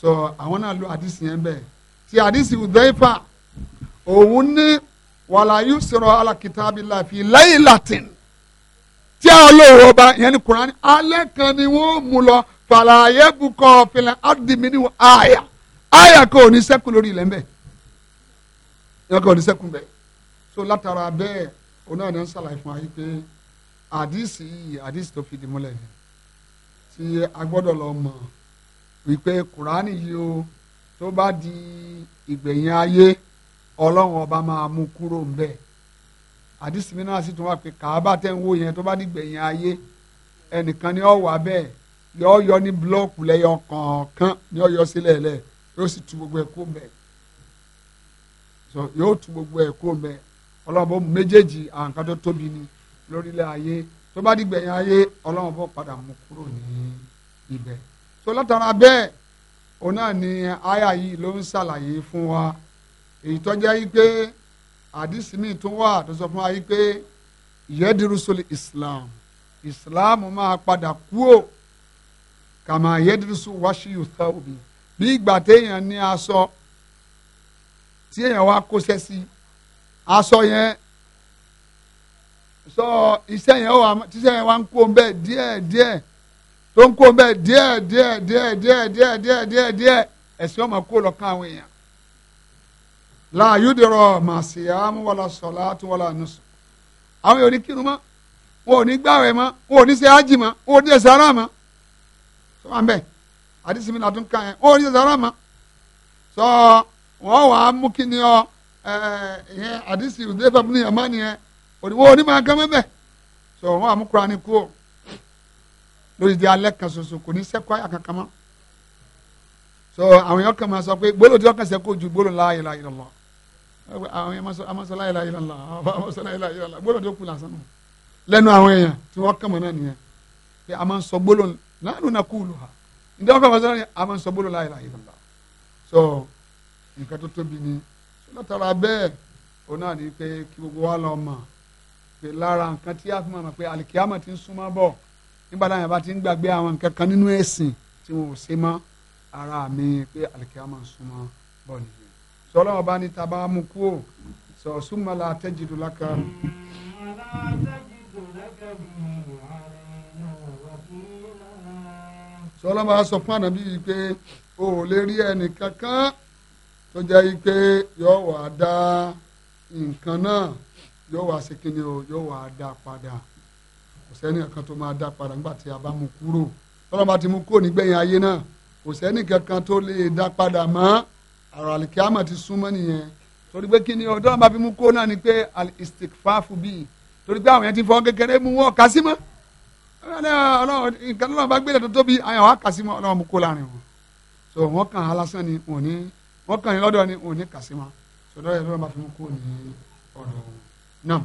so àwọn náà lo àdìsí yẹn bẹ́ẹ̀ ti àdìsí Udhaifa òun ní wàlá yusra ala kitabillahi fi latin tí a lò wọ́n ba yẹn ni Qur'an alẹ́ kan ni wọ́n mú lọ fàlàyé bukọ filẹ adimini aya aya kò ní sẹkù lórí ilẹ̀ mbẹ ẹ kò ní sẹkù mbẹ so látara bẹ́ẹ̀ onáà ní sàlàyé fún ayé pé àdìsí yìí àdìsí tó fi di múlẹ̀ tí a gbọ́dọ̀ lọ mọ̀ wípé kùránì yìí o tó bá di ìgbẹ̀yìn ayé ọlọ́run ọba máa mú kúrò mbẹ àdìsí mi náà sì tún wà pé kàábà tẹ̀ ń wò yẹn tó bá di ìgbẹ̀yìn ayé ẹnìkan ni ó wà bẹ́ẹ̀ yọ yọ ní búlọ́ọ̀kù lẹ́yọ kọ̀ọ̀kan ní ọyọ sílẹ̀ lẹ̀ yóò sì tu gbogbo ẹ̀ kó mẹ́ so yóò tu gbogbo ẹ̀ kó mẹ́ ọlọ́run bó méjèèjì àwọn kan tó tóbi ni lórílẹ̀ ayé tó bá di gbẹ̀yìn ayé ọlọ́run padà mú kúrò ní ibẹ̀ so látara bẹ́ẹ̀ òun náà ni aya yìí ló ń ṣàlàyé fún wa èyí tó jẹ́ yí pé àdìsí mi wà tó sọ fún wa yí pé yẹ́dìrúsọ̀lì Islam Islam máa padà kúò kàmá yédùsù wáṣíù sáwùbí bí ìgbà téèyàn ní aṣọ tí èèyàn wá kóṣẹ́ sí aṣọ yẹn sọ iṣẹ́ yẹn wà tíṣẹ́ yẹn wà ń kó bẹ́ẹ̀ díẹ̀ díẹ̀ tó ń kó bẹ́ẹ̀ díẹ̀ díẹ̀ díẹ̀ díẹ̀ díẹ̀ díẹ̀ díẹ̀ díẹ̀ ẹ̀sìn ọmọ kó lọ́kàn àwọn èèyàn láàyò dẹrọ màsíyàmù wàlà sọlá tó wàlà nùsù àwọn èèyàn ní kírun mọ́ wọn ò ní gbàwẹ̀ mọ́ wọn ò ní ṣe ájì mọ́ wọn ò ní ṣe sàrà mọ́ sọ wọn bẹ àdìsí mi làtún kàn yẹn ó rí sọ̀rọ̀ mọ́ sọ wọn wà á mú kí ni ọ ẹ yẹn àdìsí òdèfà fún yẹn mọ́ nìyẹn òdìwọ́ onímọ̀ akẹ́ mẹ́bẹ̀ sọ wọn wà á mú kura ni kú lórí di alẹ́ kan ṣoṣo kò ní sẹ́kọ̀ọ́ yà kankan mọ́ so àwọn yẹn kàn máa sọ pé gbólóhùn tí wọ́n kàn sẹ́kọ̀ọ́ ju gbólóhùn la ilaha illallah àwọn yẹn máa sọ la ilaha illallah àwọn máa sọ la ilaha illallah gbólóhùn tó kù lásán nù lẹ́nu àwọn èèyàn tí wọ́n kàn mọ́ náà nìyẹn pé a máa ń sọ gbólóhùn nanu na kúlù ha ǹdẹ́ wọn fẹ́ fọ́sọ́rọ́ ni a máa ń sọ bólú so nǹkan tó tóbi ni látara bẹ́ẹ̀ òun náà ni pé kí gbogbo wa lọ mọ̀ pé lára nǹkan tí a alikiyama ti suma súnmọ́ bọ̀ nígbà táwọn yàrá ti ń gbàgbé àwọn nǹkan kan nínú ẹ̀sìn tí wọn ò ṣe ara mi pé alikiyama ń súnmọ́ bọ̀ nìyẹn sọlọ́wọ́ bá ní taba mú so ò sọ súnmọ́ la tẹ́jìdù lákàrún. sọlá máa sọ fún ànábì yìí pé o ò lè rí ẹnì kankan tó jẹ́ yìí pé yóò wà á dá nǹkan náà yóò wà á ṣe kíni o yóò wà á dá padà kò sẹ́ni kankan tó máa dá padà nígbà tí a bá mú kúrò sọlá máa ti mú kúrò nígbẹ̀yìn ayé náà kò sẹ́ni kankan tó lè dá padà mọ́ àrùn àlìkíámà ti súnmọ́ nìyẹn torí pé kíni ọjọ́ máa fi mú kúrò náà ni pé istikfafu bíi torí pé àwọn yẹn ti fọ́ kékeré mú wọn kásímọ́ nǹkan tó lọ́wọ́ bá gbélé tó tóbi àyàn wá kàsí mọ́ ọlọ́wọ́ mú kó láàrin wọn so wọ́n kàn án ni wọ́n ní wọ́n kàn án ni wọ́n ní kàsí mọ́ so lọ́wọ́ yẹn lọ́wọ́ bá fi mú kó ní ọ̀dọ̀ wọn náà.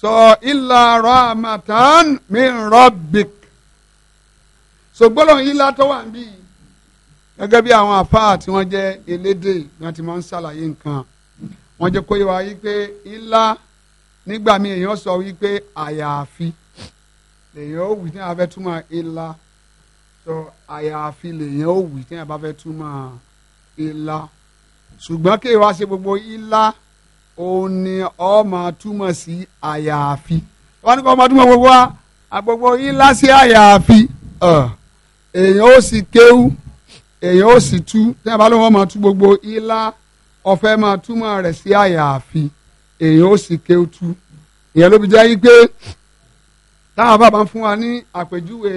so ilà rahmatan min rabbik so gbọ́dọ̀ ilà tó wà níbí gẹ́gẹ́ bí àwọn àfáà tí wọ́n jẹ́ elédè ni wọ́n ti máa ń ṣàlàyé nǹkan wọ́n jẹ́ kó yẹ wá yí pé ilà nígbà mi èèyàn sọ wípé àyàfi lèèyàn ó wí tí a fẹ́ túmọ̀ ìlà sọ àyàfi lèèyàn ó wí tí a bá fẹ́ túmọ̀ ìlà ṣùgbọ́n kéwà ṣe gbogbo ìlà òun ni ọ máa túmọ̀ sí àyàfi wọn ní kọ́ máa túmọ̀ gbogbo wa àgbogbo ìlà sí àyàfi èèyàn ó sì kéwú èèyàn ó sì tú tí a bá lóun máa tú gbogbo ìlà ọ̀fẹ́ máa túmọ̀ rẹ̀ sí àyàfi. Si èèyàn ó sì ké tu ìyẹn ló fi jẹ́ yí pé táwọn bàbá ń fún wa ní àpèjúwe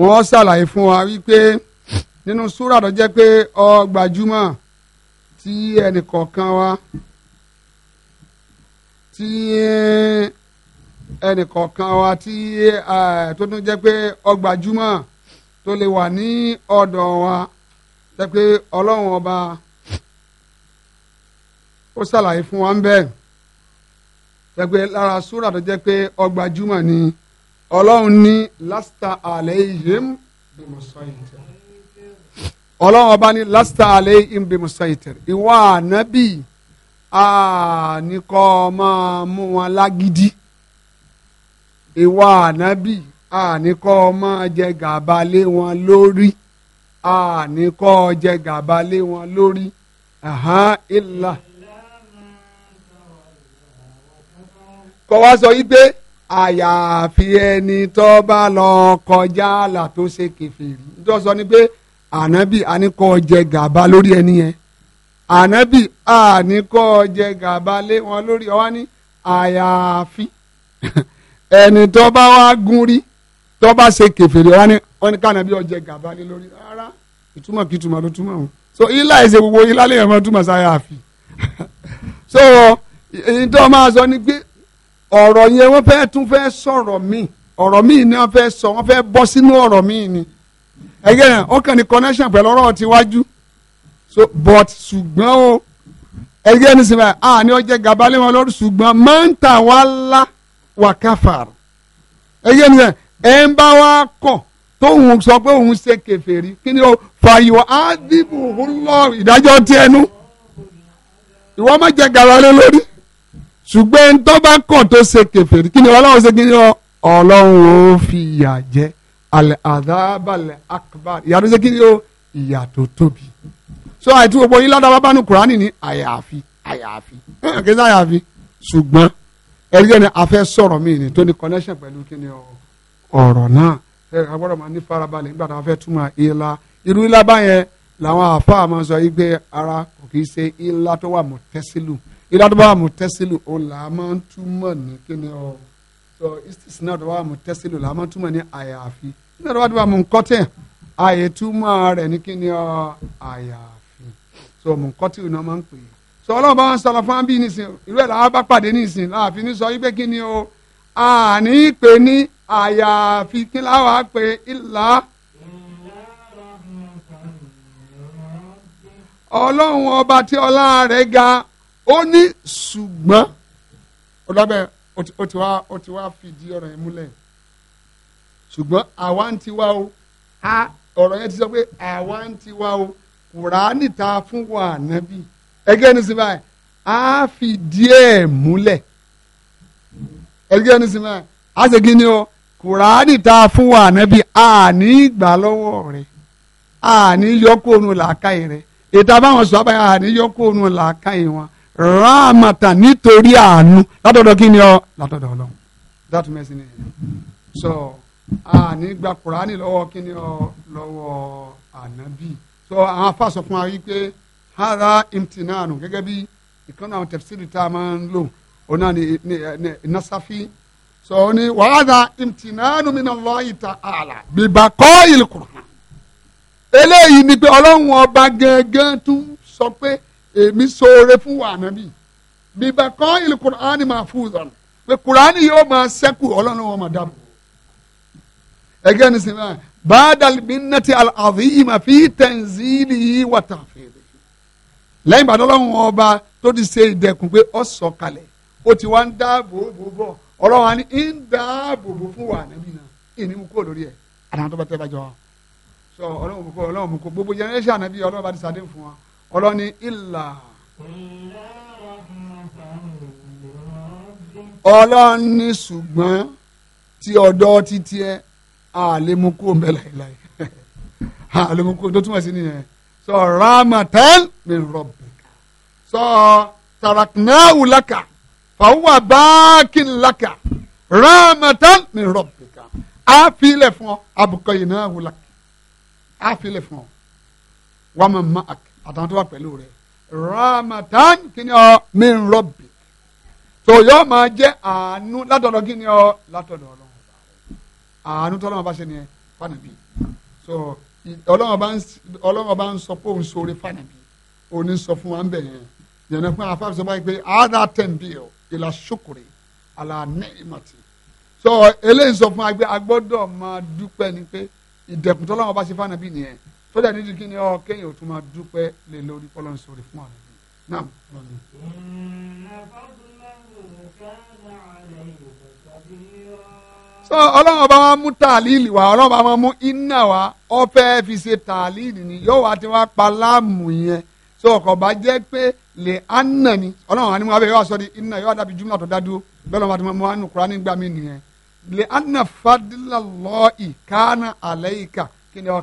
wọ́n ṣàlàyé fún wa wípé nínú súrà tó jẹ́ pé ó gbajúmọ̀ tí ẹnìkọ̀ọ̀kan wa tí ẹnìkọ̀ọ̀kan wa tí tó tún jẹ́ pé ó gbajúmọ̀ tó lè wà ní ọ̀dọ̀ wa jẹ́ pé ọlọ́run ọba ó ṣàlàyé fún wa ń bẹ́ẹ̀. pé lára súrà tó jẹ́ pé ọgbà júmọ̀ ni ọlọ́run ní lásìtà àlẹ́ yìí ọlọ́run ọba ní lásìtà àlẹ́ yìí sọ ànábì máa mú wọn lágídí ìwà ànábì àníkọ́ máa jẹ gàba lé wọn lórí àníkọ́ jẹ gàba lé wọn lórí. Aha, kọ́ wá sọ yí pé àyàfi ẹni tó bá lọ kọjá àlà tó ṣe kèfèrí tó sọ ni pé ànábì àníkọ́ jẹ gàba lórí ẹni yẹn ànábì àníkọ́ jẹ gàba lé wọn lórí ọwá ní àyàfi ẹni tó bá wá gún rí tó bá ṣe kèfèrí ọwá ní wọn ní kànábì ó jẹ gàba lé lórí rárá ìtumọ̀ kí ìtumọ̀ ló túmọ̀ wọn so ilá ẹsẹ gbogbo ilá lè yẹn mọ túmọ̀ sáyà àfi so ìtọ́ máa sọ ni pé ọ̀rọ̀ yẹn wọ́n fẹ́ tún fẹ́ sọ̀rọ̀ míì ọ̀rọ̀ míì ni wọ́n fẹ́ sọ wọ́n fẹ́ bọ́ sínú ọ̀rọ̀ míì ni ẹgbẹ́ yẹn ó kàn ní connection pẹ̀lú ọ̀rọ̀ tiwájú so but ṣùgbọ́n o ẹgbẹ́ ní sinmi à ní ọjẹ́ gàba lé wọn lórí ṣùgbọ́n máa ń tà wá lá wà káfàr ẹgbẹ́ ní sinmi ẹ ń bá wa kọ̀ tóun sọ pé òun ṣe kèfèrí kí ni o fàyọ̀ á dìbò lọ ìdájọ́ tiẹ̀ nu ìwọ má jẹ gàba lórí ṣùgbọ́n ẹni tó bá kàn tó ṣe kèfèrí kí ni ọlọ́run ṣe kí ni ọlọ́run ó fi ìyà jẹ alẹ́ àdábàlẹ̀ akbar ìyà tó ṣe kí ni ó ìyà tó tóbi so àìtú gbogbo yín ládàá bá nu kùránì ní àyàfi àyàfi kí ni àyàfi ṣùgbọ́n ẹ̀rí ẹni afẹ́ sọ̀rọ̀ mi ni tó ní connection pẹ̀lú kí ni ọ̀rọ̀ náà a gbọ́dọ̀ máa ní farabalẹ̀ nígbà tá a fẹ́ túmọ̀ ìlà irú ìlà báyẹn làwọn àfa máa sọ yìí pé ara kò kì í ṣe ìlà tó wà mọ̀ tẹ́sílù ìdádọ́bà mu tẹ́sílù ó là á máa ń túmọ̀ ní kíni ọ sọ ìsìnà ìdádọ́bà mu tẹ́sílù là á máa ń túmọ̀ ní àyàfi ìdádọ́bà mu nkọ́tẹ̀ àyè túmọ̀ rẹ̀ ní kíni ọ àyàfi sọ mu nkọ́tẹ̀ ìnáwó máa ń pè é sọ ọlọ́run bá ń sọ̀rọ̀ fún abí nísìn ìlú ẹ̀ làwọn bá pàdé nísìn láàfin ní sọ yí kíni o ọlọ́run ọba tí ọlá rẹ̀ ga ó ní ṣùgbọ́n ọ̀dọ́bẹ̀ ó ti wá ó ti wá fìdí ọ̀rọ̀ yẹn múlẹ̀ ṣùgbọ́n àwa ń tiwa o ọ̀rọ̀ yẹn ti sọ pé àwa ń tiwa o kùránì ta fún wa ànábì ẹgẹ́ ní sinmi báyìí fìdí ẹ̀ múlẹ̀ ẹgẹ́ ní sinmi báyìí ṣe kí ni o kùránì ta fún wa ànábì àní ìgbà lọ́wọ́ rẹ̀ àní yọkó ònú làákàyè sọ ráàmàtà nítorí àánú látọ̀dọ̀ kí ni ọ látọ̀dọ̀ ọlọ́run that means ni so àní gba kùránì lọ́wọ́ kí ni ọ lọ́wọ́ ànábì so àwọn afáàsọ fún wa wípé hara imtinanu gẹ́gẹ́ bí ìkànnì àwọn tẹ̀síìlì tá a máa ń lò ọ̀nà ni nasafi so ni wàhálà imtinanu minallahi ta'ala bìbàkọ́ ìlú kùránì eléyìí ni pé ọlọ́run ọba gẹ́gẹ́ tún sọ pé. So, èmi sóore fún wa ànábì bíbá kọ́ ìlú kùránì máa fún un sọ̀rọ̀ pé kùránì yóò máa sẹ́kù ọlọ́run wọn máa dábò. ẹgẹ́ ni sinmi báyìí báàdàlì mi nà ti àlàáfíì yìí máa fi tẹ̀síìlì yìí wà tà fèrè. lẹ́yìn ìbàdàn ọlọ́run ọba tó ti ṣe ìdẹ̀kùn pé ọ sọ kalẹ̀ ó ti wá ń dáàbò bò bọ̀ ọlọ́run wa ń dáàbò bò fún wa ànábì náà ìní mú kó lórí ẹ̀ àtàwọn tó bá tẹ́ bá jọ. sọ ọlọ́run mú kó ọlọ́run mú kó gbogbo ọlọ́ni ìlà ọlọ́ni ṣùgbọ́n tí ọ̀dọ́ títí ẹ àlemukú mbẹ́ láìláì àlemukú tó túmọ̀ sí nìyẹn sọ ramatan mi rọ̀bì sọ taraknahu laka fàwọn báàkì laka ramatan mi rọ̀bì àfilẹ̀ fún ọ abukọ̀yìn náà wù laka fún ọ wàmà máàkì àtàwọn tó wà pẹ̀lú rẹ̀ ramatan kíni ọ min rọbì tó yọ máa jẹ́ àánú látọ̀dọ̀ kíni ọ látọ̀dọ̀ ọlọ́run àánú tó ọlọ́run bá ṣe nìyẹn fànàbí so ọlọ́run bá ń sọ pé òun sọ̀rọ̀ fànàbí òun ní sọ fún wa ń bẹ̀ yẹn yẹn náà fún wa afáàfin sọ báyìí pé àádá tẹ̀m bí ọ ìlà ṣokòrè àlà nẹ́ẹ̀mọ̀tì so eléyìí sọ fún wa pé a máa dúpẹ́ ni pé ìdẹ̀kùn tó ọlọ́run bá ṣe fànàbí nìyẹn ó dẹ̀ nídìí kí ni ọ kéèyàn ò tún máa dúpẹ́ lé lórí kọ́lọ́n sórí fún ọ̀rẹ́ náà. so ọlọ́run ọba wa mú tàlílì wá ọlọ́run ọba wa mú iná wá ọ fẹ́ fi ṣe tàlílì ni yóò wá ti wá pa láàmù yẹn so ọkọ̀ bá jẹ́ pé lè ánà ni ọlọ́run àni mú abẹ́ yóò sọ di nìyẹn lè ánà fadilá lọ́ọ̀ ìkánà àlẹ́ ìkà kí ni ọ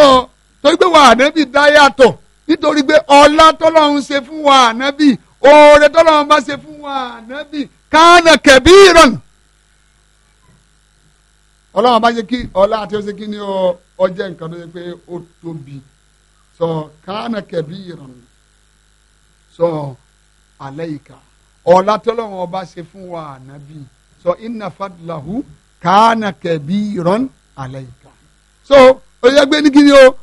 tó torí pé wà ànábì dá yàtọ̀ nítorí pé ọlá tọ́lọ́run ṣe fún wa ànábì oore tọ́lọ́run bá ṣe fún wa ànábì kánà kẹ̀bí ìrọ̀n. ọlọ́run bá ṣe kí ọlá àti ọṣẹ kí ni ọ jẹ́ nǹkan tó ṣe pé ó tóbi sọ kánà kẹ̀bí ìrọ̀n sọ alẹ́ ìka ọlá tọ́lọ́run ọba ṣe fún wa ànábì sọ inna fadlahu kánà kẹ̀bí ìrọ̀n alẹ́ ìka. so tó yẹ ní kí o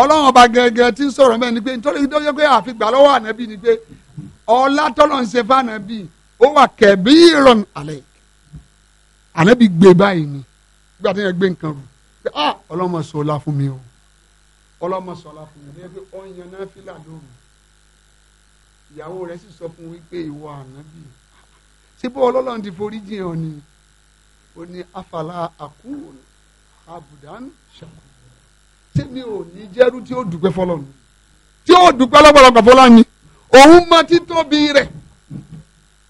ọlọ́run ọba gẹ́gẹ́ tí ń sọ̀rọ̀ mẹ́rin ni pé nítorí tó yẹ pé àfigbà lọ́wọ́ ànábì ni pé ọlá tọ́lọ̀ ń ṣe fànábì ó wà kẹ̀bí ìrọ̀n àlẹ́ ànábì gbé báyìí ni gbà tó yẹ gbé nǹkan rù pé ah ọlọ́mọ sọ ọlá fún mi o ọlọ́mọ sọ ọlá fún mi ní pé ó ń yan náà fílà lóru ìyàwó rẹ̀ sì sọ fún wípé ìwọ ànábì ṣé bó ọlọ́run ti forí jìn ọ ni ó ní afàlà àkúrò àbùdánù tí mi ò ní jẹ́rú tí ó dùpẹ́ fọlọ́run tí ó dùpẹ́ lọ́pọ̀lọpọ̀ fọlọ́run ni òun mọ títóbi rẹ̀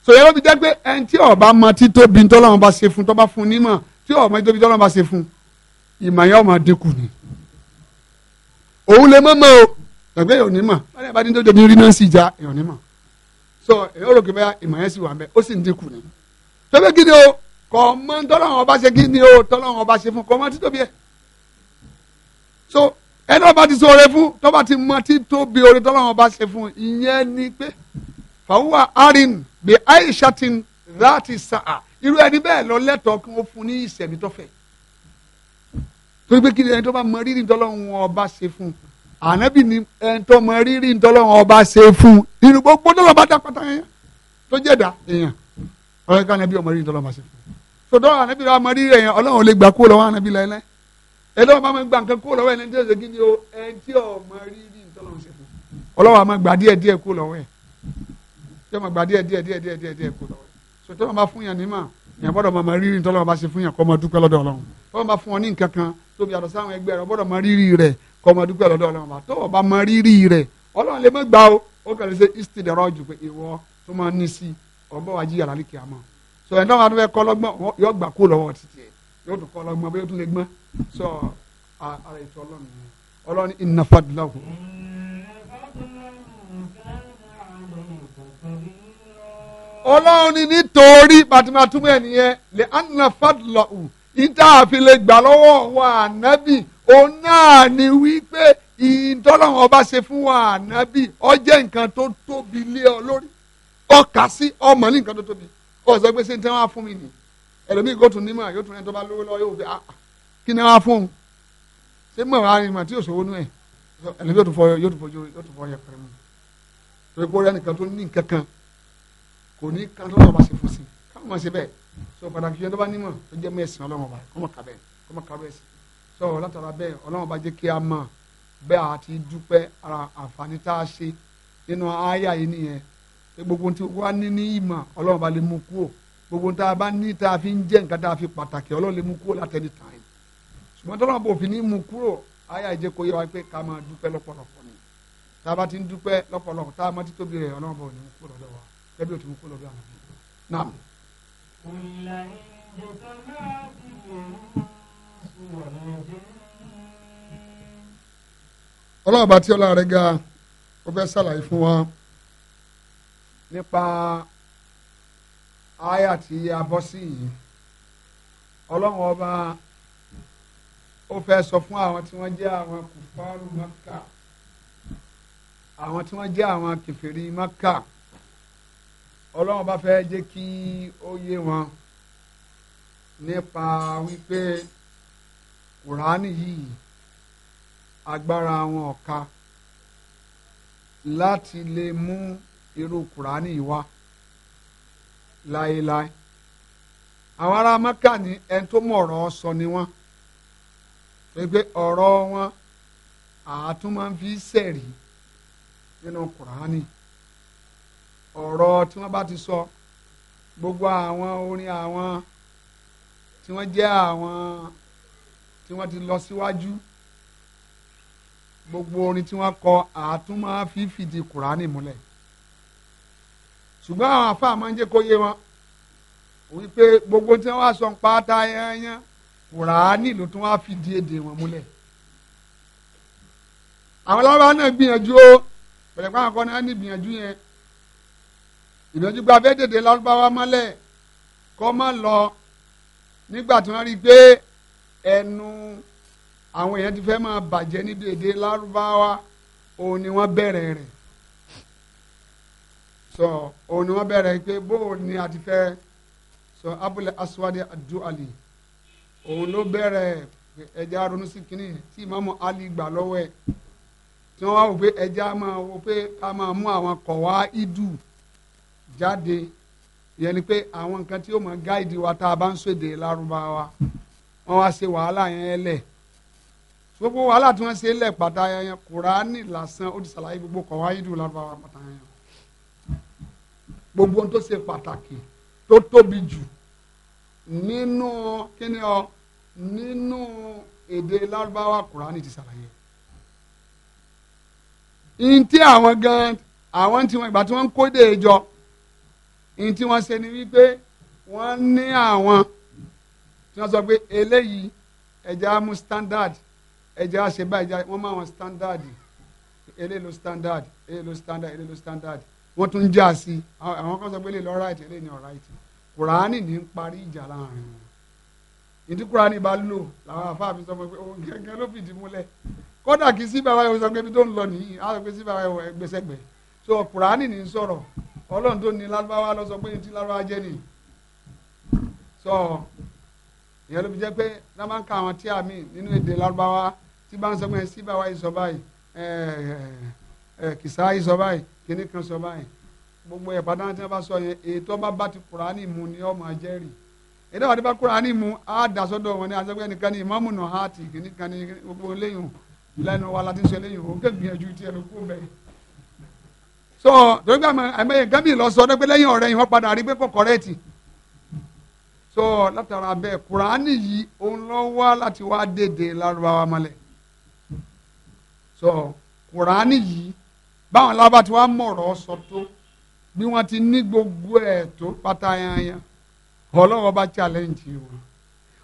sòyẹ́ ló fi jẹ́ pé ẹni tí ọba mọ títóbi tọ́lọ́run bá ṣe fún tọ́ba fún nímọ̀ tí ọba mọ títóbi tọ́lọ́run bá ṣe fún ìmọ̀ yẹn ọmọ dínkù ni òun lè mọ́ mọ́ o tàbí èèyàn onímọ̀ báyìí bá ní tó jọbi rí náà sì já èèyàn onímọ̀ so èèyàn rò kébé ìmọ̀ yẹn sì wà mẹ́ ó sì ń dínkù ni tọ́bẹ́ kí ni o kọ́ mọ́ tọ́lọ́run ọba ṣe kí ni o tọ́lọ́run ọba ṣe fún kọ́ mọ́ títóbi ẹ̀ so ẹni wọn bá ti sọ oore fún tó bá ti mọ títóbi oore tó lọ́wọ́ bá ṣe fún ìyẹn ni pé fàwọn arin bí aishatin láti sàá irú ẹni bẹ́ẹ̀ lọ lẹ́tọ̀ọ́ kí wọ́n fún ní ìṣẹ̀mí tó fẹ́ torí pé kí ni ẹni tó bá mọ rírì tọ́lọ́wọ́n ọba ṣe fún ànábì ni ẹni tó mọ rírì tọ́lọ́wọ́n ọba ṣe fún nínú gbogbo tó lọ bá dá pátá yẹn tó jẹ̀dá èèyàn ọ̀rẹ́ ká ànábì ọmọ rírì tọ́lọ́wọ́n ṣe fún so tọ́lọ́ ànábì ọmọ rírì ẹ̀yàn ọlọ́run ò lè gbà kúrò lọ́wọ́ ànábì ẹni wọn bá máa gba nǹkan kó lọ́wọ́ ẹni tí ó ṣe kí o ẹni tí ọmọ rí rí ntọ́lọ́wọ́ ṣe fún ọlọ́wọ́ àmọ́ gbà díẹ̀ díẹ̀ kó lọ́wọ́ ẹ̀ tí ọmọ gbà díẹ̀ díẹ̀ díẹ̀ díẹ̀ díẹ̀ kó lọ́wọ́ ẹ̀ so tí wọn bá fún yàn ní mà yàn gbọ́dọ̀ máa rí rí ntọ́lọ́wọ́ bá ṣe fún yàn kó máa dúpẹ́ lọ́dọ̀ Ọlọ́run tí wọn bá fún ọ ní nǹkan kan tóbi àtọ̀ sáwọn ẹgbẹ́ rẹ gbọ́dọ̀ máa rírì rẹ kó máa dúpẹ́ lọ́dọ̀ Ọlọ́run bá tó o bá máa rírì rẹ Ọlọ́run lè má gbà o ó kàn lè ṣe istidọ̀rọ̀ jù ní wọn fẹ́ kọ́ lọ́gbọ́n yọ gbà kó lọ́wọ́ títí yóò tún kọ́ lọ́gbọ́n bẹ́ẹ̀ yóò tún lè gbọ́n so ara ètò ọlọ́run yẹn ọlọ́run inna fadlahu. ọlọ́run ni nítorí bàtìmátúmọ̀ ẹ̀ nìyẹn lè anna fadlahu ìta àfilẹ̀ gbà lọ́wọ́ wa ànábì òun náà ni wípé ìtọ́lọ́run ọba ṣe fún wa ànábì ó jẹ́ nǹkan tó tóbi lé ọ lórí ọkà sí ọmọ ní nǹkan tó tóbi ọ̀sẹ̀ gbèsè tí wọ́n á fún mi nì ẹlòmíì kò tún nímọ̀ yóò tún ẹni tó bá lówó lọ́wọ́ yóò fi ah, ah kí ni wọ́n á fún un ṣé mọ̀ wá ni mà tí yóò sọ owó nú ẹ̀ ẹni yóò tún fọ yóò tún fọ yóò tún fọ yẹ pẹ̀lú mi torí pé ó rẹ́ nìkan tó ní nǹkan kan kò ní kan tó lọ́ba ṣe fún sí káwọn máa ṣe bẹ́ẹ̀ so pàtàkì yẹn tó bá nímọ̀ tó jẹ́ mọ́ ẹ̀sìn ọlọ́run ọba kọ́mọ kàbẹ́ kọ́mọ kàbẹ́ sí so látara bẹ́ẹ̀ ọlọ́run ọba jẹ́ kí a mọ̀ bẹ́ẹ̀ àti dúpẹ́ ara àǹfààní tá a ṣe nínú àyà yìí nìyẹn gbogbo tí wàá ní ní ìmọ̀ ọlọ́run ọba lè mú kúrò gbogbo tá a bá ní tá a fi ń jẹ́ nǹkan tá a fi pàtàkì ọlọ́run lè mú kúrò látẹni tàn ṣùgbọ́n tọ́lọ́mọ bò fi ní mú kúrò àyà ìjẹ́ kó yẹ wa pé ká máa dúpẹ́ lọ́pọ̀lọpọ̀ ni tá a bá ti ń dúpẹ́ lọ́pọ̀lọpọ̀ tá a máa ti tóbi rẹ̀ ọlọ́mọ ní mú kúrò lọ́wọ́ ẹbí ò ti mú kúrò lọ́wọ́ àwọn ọmọ ọlọ́ọ̀bá tí ọlá rẹ̀ ga ó fẹ́ ṣàlàyé fún wa nípa àyà tí a yìí ọlọ́run ọba ó fẹ́ sọ fún àwọn tí wọ́n jẹ́ àwọn kùfárù maka àwọn tí wọ́n jẹ́ àwọn kèfèrí maka ọlọ́run bá fẹ́ jẹ́ kí ó yé wọn nípa wípé kùránì yìí agbára àwọn ọ̀ka láti lè mú irú kùránì yìí wá láéláé àwọn ará maka ní ẹni tó mọ̀ ọ̀rọ̀ sọ ni wọ́n tó yẹ pé ọ̀rọ̀ wọn àátún máa ń fi sẹ̀rí nínú kùránì ọ̀rọ̀ tí wọ́n bá ti sọ gbogbo àwọn orin àwọn tí wọ́n jẹ́ àwọn tí wọ́n ti lọ síwájú gbogbo orin tí wọ́n kọ àátún máa fi fìdí kùránì múlẹ̀ ṣùgbọ́n àwọn àfáà máa ń jẹ́ kó yé wọn wípé gbogbo tí wọ́n wá sọ ń pa á ta kùránì ló tún wá fìdí èdè wọn múlẹ̀ àwọn alábàá náà gbìyànjú o pẹ̀lẹ́ pàwọn kan náà ní gbìyànjú yẹn ìgbìyànjú gba fẹ́ dèdè lárúbáwá mọ́lẹ̀ kọ́ mọ́ lọ nígbà tí wọ́n rí i pé ẹnu àwọn èèyàn ti fẹ́ máa bàjẹ́ níbi èdè lárúbáwá òun ni wọ́n bẹ̀rẹ̀ rẹ̀ sọ òun ni wọ́n bẹ̀rẹ̀ pé bóun ni a ti fẹ́ sọ abúlé aswadi adu ali òun ló bẹ̀rẹ̀ ẹja ronú sí kínní tí ìmáàmù Ali gbà lọ́wọ́ ẹ̀ tí wọ́n wá wò pé ẹja máa wò pé ká máa mú àwọn kọ̀wá ìdù jáde ìyẹn ni pé àwọn nǹkan tí ó máa gáìdì wa tá a bá ń ṣèdè lárúbáwá wọ́n wá ṣe wàhálà yẹn lẹ̀ gbogbo wàhálà tí wọ́n ṣe lẹ̀ pàtà yẹn kùránì lásán ó ti ṣàlàyé gbogbo kọ̀wá ìdù lárúbáwá pàtà yẹn gbogbo ohun tó ṣe pàtàkì tó tóbi jù nínú kíni ọ nínú èdè lárúbáwá kùránì ti ṣàlàyé ntí àwọn gan àwọn tí wọn ìgbà tí wọn ń kó dé jọ ntí wọn ṣe ni wípé wọn ní àwọn tí wọn sọ pé eléyìí ẹja mú standard ẹja ṣe báyìí wọn máa wọn standard eléyìí standard eléyìí standard eléyìí standard wọn tún já sí àwọn kan sọ pé eléyìí ló right eléyìí right kùránì ní parí ìjà láàrin wọn ìdí kùránì bá lò làwọn afáàfin sọ pé òun oh, gẹ́gẹ́ ló fìdí múlẹ̀ kódà kí sí bàbá yòó sọ pé ibi tó ń lọ nìyí á sọ pé sí bàbá yòó ẹgbẹ́sẹ̀gbẹ́ so kùránì ní sọ̀rọ̀ ọlọ́run tó ní lárúbáwá lọ sọ pé ní ti lárúbáwá jẹ́ nìyí so ìyẹn ló fi jẹ́ pé náà máa ń ka àwọn tíà míì nínú èdè lárúbáwá tí bá ń sọ pé sí bàbá yìí sọ báyìí kìsáyìí sọ báyìí kíní sọ báyìí gbogbo ẹ̀ pátá tí wọ́n bá sọ yẹn ètò ọba bá ti kúránì mu ni ọmọ jẹ́rìí ètò ọba ti bá kúránì mu á dà wọn ní asẹ́gbẹ́ nìkan ní ìmọ̀mù nà á ti nìkan ní gbogbo lẹ́yìn lẹ́nu wa láti sọ lẹ́yìn òun kẹ́ gbìyànjú tiẹ̀ ló kú bẹ́ẹ̀. so torí pé àmọ́ nǹkan mi lọ sọ ọdọ́ pé lẹ́yìn ọ̀rẹ́ yìí wọ́n padà rí pé kò kọ́rẹ́ẹ̀tì so látara bẹ́ẹ̀ kúránì yìí òun lọ wá láti wá dèdè lárúbáwá malẹ̀ so kúránì yìí báwọn lábàtí wàá mọ̀rọ̀ sọ tó. So, bí wọ́n ti ní gbogbo ẹ̀ tó pátá yanyan ọlọ́wọ́ bá challenge wọn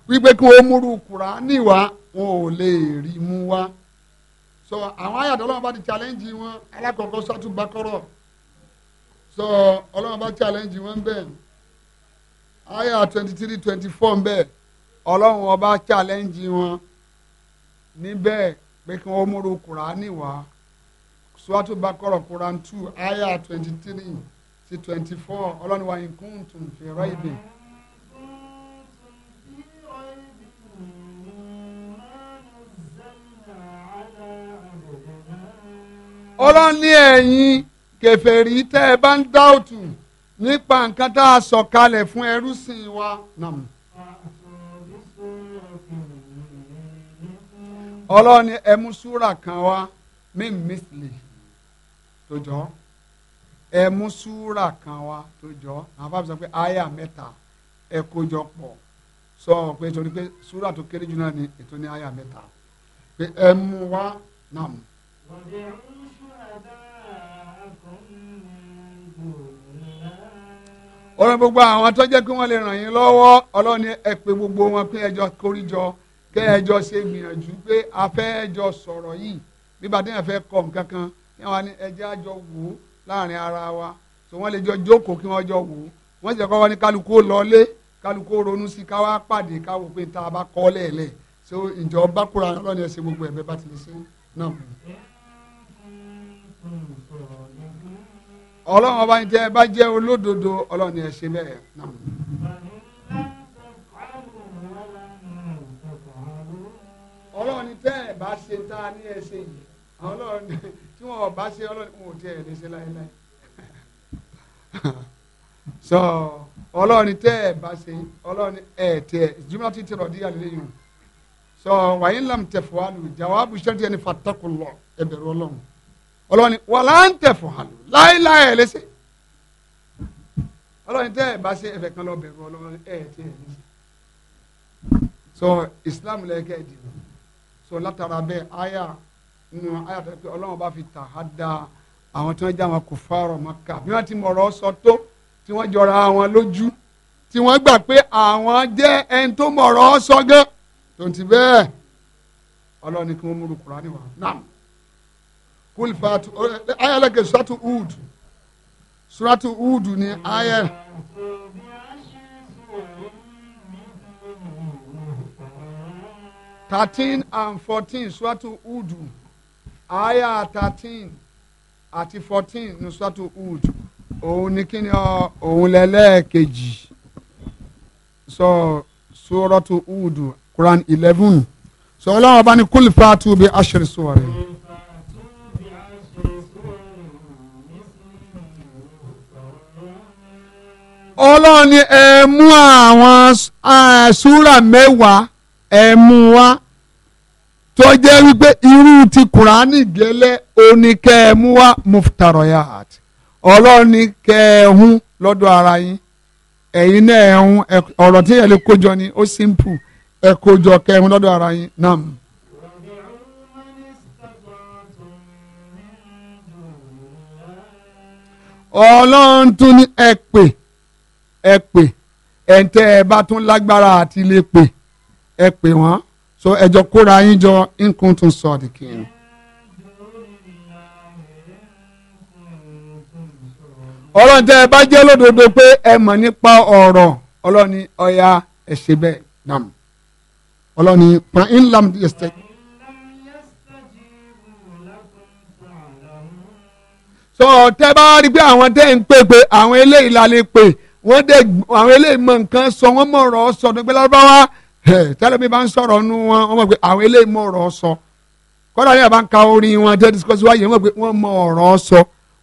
wípé kí wọ́n múrú Kùránì wá wọn ò lè rí mú wá so àwọn àyàtọ̀ ọlọ́wọ́ bá ti challenge wọn alákọ̀ọ́kọ́ sátúgbàkọ́rọ̀ so ọlọ́wọ́ bá challenge wọn bẹ́ẹ̀ àyà twenty three twenty four bẹ́ẹ̀ ọlọ́run ọba challenge wọn níbẹ̀ pé kí wọ́n múrú Kùránì wá sọ́tún bá kọ̀rọ̀ two àyà twenty three sí twenty four ọlọ́ni wa in kuntum fi raibin. ọlọ́ni ẹ̀yin kèfèrí tẹ́ ẹ bá ń dáòtù nípa nǹkan tá a sọ kalẹ̀ fún ẹrú sìn wa nàmú. ọlọ́ni ẹ mú súrà kan wá mí mísìlì tó jọ ẹ mú súrà kan wá tó jọ àwọn fáwọn sọ pé àyà mẹ́ta ẹ kójọ pọ̀ sọ pé torí pé súrà tó kéré jù náà ni ètò ní àyà mẹ́ta pé ẹ mú wá náà mú. ọ̀dẹ̀ ń ṣúra dáa kan gbòòrò ọlọ́run gbogbo àwọn tó jẹ́ pé wọ́n lè ràn yín lọ́wọ́ ọlọ́run ni ẹ pé gbogbo wọn pé ẹjọ́ kórìjọ kẹ́ ẹjọ́ ṣe gbìyànjú pé afẹ́ ẹjọ́ sọ̀rọ̀ yìí nígbà tí fẹ́ kọ́ nǹkan kan kí wọ́n ní ẹjẹ́ àjọ wò ó láàrin ara wa so wọ́n lè jọ jókòó kí wọ́n jọ wò ó wọ́n sì kọ́ wọn ní kálukú lọlé kálukú ronú sí káwá pàdé káwó pé níta bá kọ́ lẹ́ẹ̀lẹ́ so ìjọ bá kúra lọ́ni ẹ̀sìn gbogbo ẹ̀bẹ̀ bá ti lè ṣe náà. ọlọ́run ọba ní tẹ́ ẹ bá jẹ́ olódodo ọlọ́run ẹ̀ bẹ́ẹ̀ náà. ọlọ́run tẹ́ ẹ bá ṣe tá a ní ẹ ọlọ́run tí wọn ọba ṣe ọlọ́run wọn ò tiẹ̀ lè ṣe láéláé so ọlọ́run tẹ́ ẹ bá ṣe ọlọ́run ẹ tẹ jùmọ̀ ti tẹ̀rọ̀ díyà lẹ́yìn so wàyí lam tẹ̀fọ́ àlù jàwábù ṣẹ́ni ẹni fàtàkù lọ ẹbẹ̀rù ọlọ́run ọlọ́run wà lá ń tẹ̀fọ́ àlù láéláé ẹ lẹ́sẹ̀ ọlọ́run tẹ́ ẹ bá ṣe ẹ̀fẹ̀ kan lọ bẹ̀rù ọlọ́run ẹ tẹ́ ẹ lẹ́sẹ̀ so Islam lẹ́kẹ̀ẹ́ dì so látara bẹ́ẹ̀ aya nínú ayàtọ̀ pé ọlọ́run bá fi tà á da àwọn tí wọ́n já wọn kò fárọ̀ Mákà bí wọ́n ti mọ̀rọ̀ sọ tó tí wọ́n jọra wọn lójú tí wọ́n gbà pé àwọn jẹ́ ẹni tó mọ̀rọ̀ sọ gan tó ń ti bẹ́ẹ̀ ọlọ́run ni kí wọ́n múlu Kùránì wá náà kulfatu ayẹlẹkẹ suratu Hud suratu Hud ni ayẹ. thirteen and fourteen suratu Hud aya thirteen àti fourteen ní sọ́tù Hud òun ni kí ni ọ òun lẹ́lẹ́ẹ̀kejì sọ sọ́rọ́tù Hud Quran eleven sọ ọlọ́run ọba ní kúlù fàtú bí aṣèrè sọ̀rọ̀. ọlọ́run ni ẹ mú àwọn súrà mẹ́wàá ẹ mú wá tó jẹ́ wípé irú ti kùránì gẹ́lẹ́ oníkẹ́ẹ̀múwá muftaroyat ọlọ́ọ̀ni lọ́dọ̀ ara yín ẹ̀yin náà ẹ̀hún ọ̀rọ̀ tí yẹn lè kójọ ni ó simple ẹ kójọ kẹ́ẹ̀hún lọ́dọ̀ ara yín nam. ọlọ́run tún ní ẹ pè ẹ pè ẹ̀ ń tẹ́ ẹ bá tún lágbára àti lè pè ẹ pè wọ́n so ẹjọ kóra yín jọ nǹkan tún sọ ọdìkì yẹn. ọlọ́run tẹ́ ẹ bá jẹ́ lódodo pé ẹ mọ̀ nípa ọ̀rọ̀ ọlọ́run ni ọ̀ya ẹ̀ ṣe bẹ́ẹ̀ nàm ọlọ́run ni pan in lam yẹsẹ̀. so tẹ́ bá rí pé àwọn tẹ́ ń pè pé àwọn eléyìí la lè pè wọ́n dẹ̀ àwọn eléyìí mọ̀ nǹkan sọ wọ́n mọ̀ ọ̀rọ̀ sọ̀dọ̀ pé lárúbáwá. tẹ́lẹ̀mí bá ń sọ̀rọ̀ nu wọn wọ́n mọ̀ pé àwọn eléyìí ọ̀rọ̀ sọ kọ́dà ní àbá ń ka orin wọn tẹ́ discourse wáyé wọn pé sọ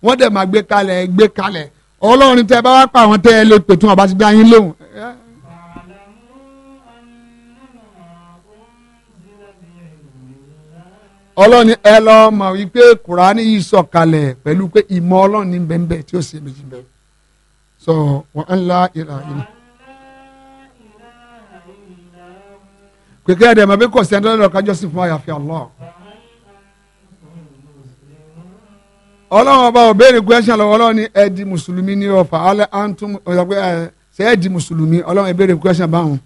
wọ́n dẹ̀ máa gbé kalẹ̀ gbé kalẹ̀ bá wá pa àwọn ẹ lè pè tún ọba ẹ lọ mọ̀ wípé kùránì yìí sọ̀kalẹ̀ pẹ̀lú pé ìmọ̀ bẹ́ẹ̀ bẹ́ẹ̀ tí ó sì méjì bẹ́ẹ̀ sọ kékeré ẹ̀dẹ̀ mọ̀ bí kò sí ẹni tó lọ́dọ̀ kájọ́ sí fún àyàfi Allah. ọlọ́run ọba ò béèrè question lọ́wọ́ ọlọ́run ni ẹ di mùsùlùmí ní ọ̀fà alẹ́ antum ọ̀sàgbé ẹ ṣe ẹ di mùsùlùmí ọlọ́run ẹ béèrè question báwọn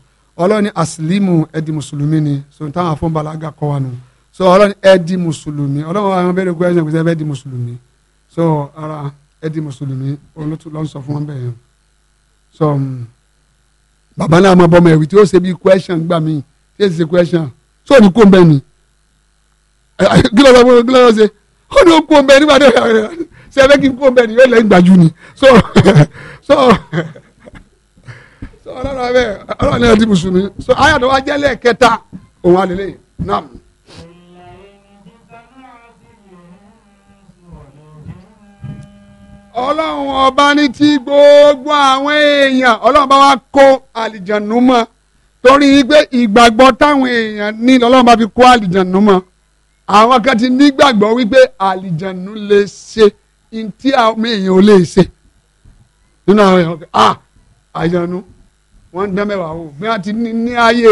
ọlọ́run ni asilimu ẹ di mùsùlùmí ni so n táwọn afọ́nbalága kọ́ wa nù so ọlọ́run ẹ di mùsùlùmí ọlọ́run ọba ẹ béèrè question pé ẹ di mùsùlùmí so ara ẹ di mùsùlùmí olótú lọ́n sọ fún wọn bẹ́ẹ̀ so mm, bàbá náà máa bọ́ mọ̀ ẹ̀wì tí ó ṣe bí question gbà míì this is the question so ni kó n bẹ ni gílọ̀ lọ́wọ́ gílọ̀ lọ́wọ́ ṣe ó ní o kó n bẹ nígbà tó ṣe ẹ fẹ́ kí n kó n bẹ ni yóò lẹ́yìn gbàjú ni so so so ọlọ́run abẹ́ ọlọ́run náà ti mùsùlùmí so ayọ̀dọ̀ wa jẹ́ lẹ́ẹ̀kẹta òun àlelẹ́ náà. ọlọ́run ọba ní tí gbogbo àwọn èèyàn ọlọ́run bá wa kó àlìjànú mọ́ torí pé ìgbàgbọ́ táwọn èèyàn ní lọ́lọ́run bá fi kó àlìjànú mọ́ àwọn kan ti nígbàgbọ́ wípé àlìjànú lè ṣe ní tí àwọn èèyàn ò lè ṣe nínú àwọn èèyàn ọ̀kẹ́ ah àlìjànú wọ́n ń dán mẹ́wàá o bí wọ́n ti ní ní ayé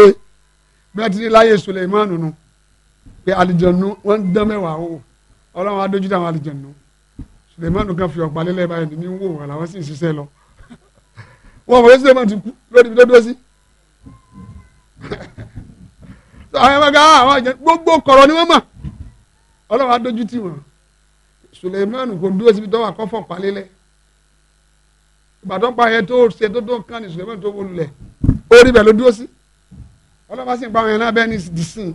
bí wọ́n ti ní láyé Suleimanu nù pé àlìjànú wọ́n ń dán mẹ́wàá o ọlọ́run á dójú táwọn àlìjànú Suleimanu kan fi ọ̀pá lélẹ̀ báyìí ní wò wọ́n làwọn sì ń ṣiṣẹ́ lọ wọ́n mọ̀ lé Suleimanu ti kú lórí ibi tó dúró sí. àwọn ẹ̀ma gan àwọn àjẹ gbogbo kọ̀rọ̀ ni wọ́n mọ̀ ọlọ́run adójú tì wọ́n Suleiman kò dúró síbi tó wà kọ́ fọ̀ palẹ́lẹ́ ìbàdàn pa yẹn tó ṣe tó tó kàn ní Suleiman tó wọlulẹ̀ ó rí bẹ́ẹ̀ ló dúró sí ọlọ́run bá sì ń pa àwọn yẹn náà bẹ́ẹ̀ ní dìsín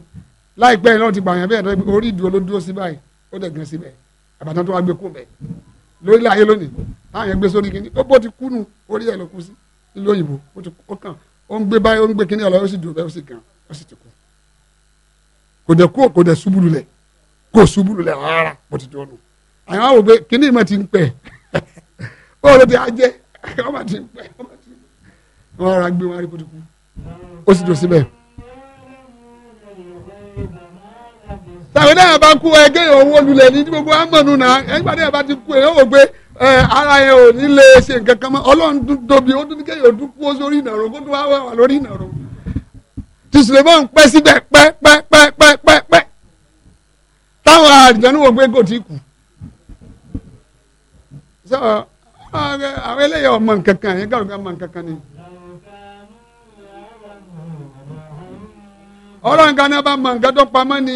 láìpẹ́ yẹn náà ti pa yẹn bẹ́ẹ̀ orí ìdúró ló dúró sí báyìí ó dẹ̀ gan síbẹ̀ àbàtàn tó wá ó ń gbé báyìí ó ń gbé kíní ọ̀la ó sì dùn bẹ́ẹ̀ ó sì gan ó sì ti kú kò dẹ̀ kú kò dẹ̀ ṣubú lulẹ̀ kò ṣubú lulẹ̀ rárá bó ti dùn ọ́nù àwọn àwọn òbí kíní ìmọ̀ ti ń pẹ́ ó lè ti ajẹ́ ọmọ ti ń pẹ́ ọmọ ti ń pẹ́ wọn ara gbé wọn arípò ti kú ó sì dùn síbẹ̀. tàbí náà bá kú ẹgẹ́ owó lulẹ̀ ní gbogbo amọ̀nù náà ẹgbàá náà bá ti kú ẹ̀ ẹ ara yẹn ò ní lè ṣe nǹkan kan mọ́ ọlọ́run tún tóbi ó tún ní kéèyàn tún kú sórí ìnàró kó tún wá wà lórí ìnàró tí Suleman pẹ́ síbẹ̀ pẹ́ pẹ́ pẹ́ pẹ́ pẹ́ pẹ́ táwọn àdìjọ́nú wò pé kò tí kù àwọn eléyà ọmọ nǹkan kan yẹn gàrúgà ọmọ nǹkan kan ni. ọlọ́run kan náà bá mọ nǹkan tó pamọ́ ni.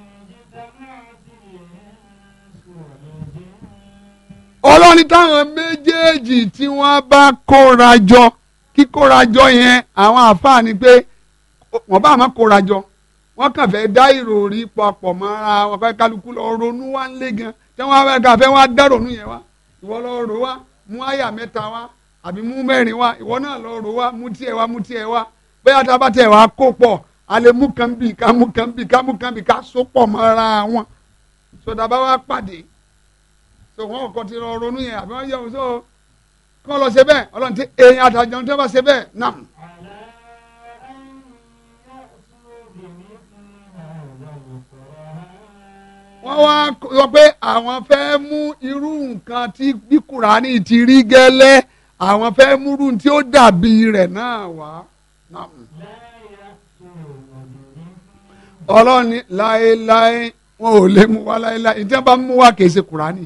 ọlọ́ni táwọn méjèèjì tí wọ́n bá kóra jọ kíkóra jọ yẹn àwọn àáfàá ni pé wọ́n bá máa kóra jọ wọ́n kàn fẹ́ dá ìròrí papọ̀ mọ́ra wọn fẹ́ kálukú lọ ronú wá ń lé gan tí wọ́n fẹ́ kà fẹ́ wá dá ronú yẹn wá ìwọ lọ rò wá mú àyà mẹ́ta wá àbí mú mẹ́rin wá ìwọ náà lọ rò wá mú tiẹ̀ wá mú tiẹ̀ wá bóyá tá a bá tẹ̀ wá kó pọ̀ a lè mú kan bì ká mú kan bì ká mú kan bì ká so pọ̀ mọ́ra wọn sọdọ̀ bá wá pàdé so wọn kọ ti lọ ronú yẹn àbí wọn yẹun so kọ́ lọ ṣe bẹ́ẹ̀ ọlọ́run ti èyàn àtàjọ tó bá ṣe bẹ́ẹ̀ nam. wọ́n wá sọ pé àwọn fẹ́ mú irú nǹkan tí bí Kùránì ti rí gẹ́lẹ́ àwọn fẹ́ múrú tí ó dàbí rẹ̀ náà wá. ọlọ́run ni láéláé wọn ò lè mú wa láéláé ìjọba mú wa kì Kùránì.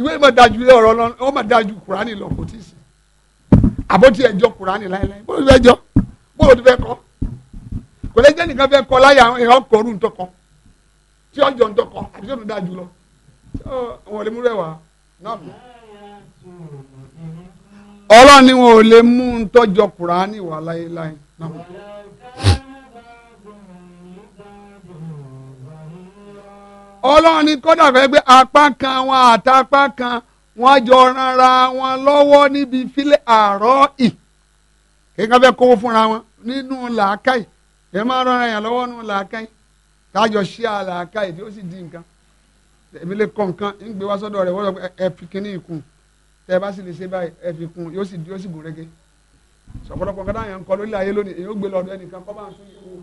ìwé ma dájú ilé ọ̀rọ̀ lọ wọ́n ma dájú kurani lọ kò tí ì sí àbótí ẹ̀jọ́ kurani láéláé bó ló fẹ́ jọ bó ló fẹ́ kọ́ kò lẹ́jẹ́ nìkan fẹ́ kọ́ láyà èèyàn kọ́rù ntọ́kọ́ tí ọjọ́ ntọ́kọ́ àti tó ń dájú lọ wọn lè mú rẹwà náà mú. ọlọ́ni wọn ò lè mú ntọ́jọ kurani wà láéláé náà mú. ọlọ́run ni kódà fẹ́ gbé apá kan wọn àtàpá kan wọn jọ ranra wọn lọ́wọ́ níbi fílẹ̀ àárọ̀ ì kí n ká fẹ́ kówó fúnra wọn nínú làákàyè ẹ máa rọra yàn lọ́wọ́ nínú làákàyè kájọ ṣí àlàákàyè tí ó sì di nǹkan èmi lè kọ nǹkan ń gbé wá sọ́dọ̀ rẹ̀ wọ́n lọ ẹ fi kíní ìkùn tẹ bá sì lè ṣe báyìí ẹ fi kún yóò sì yóò sì gùn régé sọ̀pọ̀lọpọ̀ nǹkan yẹn ń kọ lórí ayé lónìí èyí ó gbé lọ́dọ̀ ẹnìkan kọ́ bá ń tún yẹ̀wò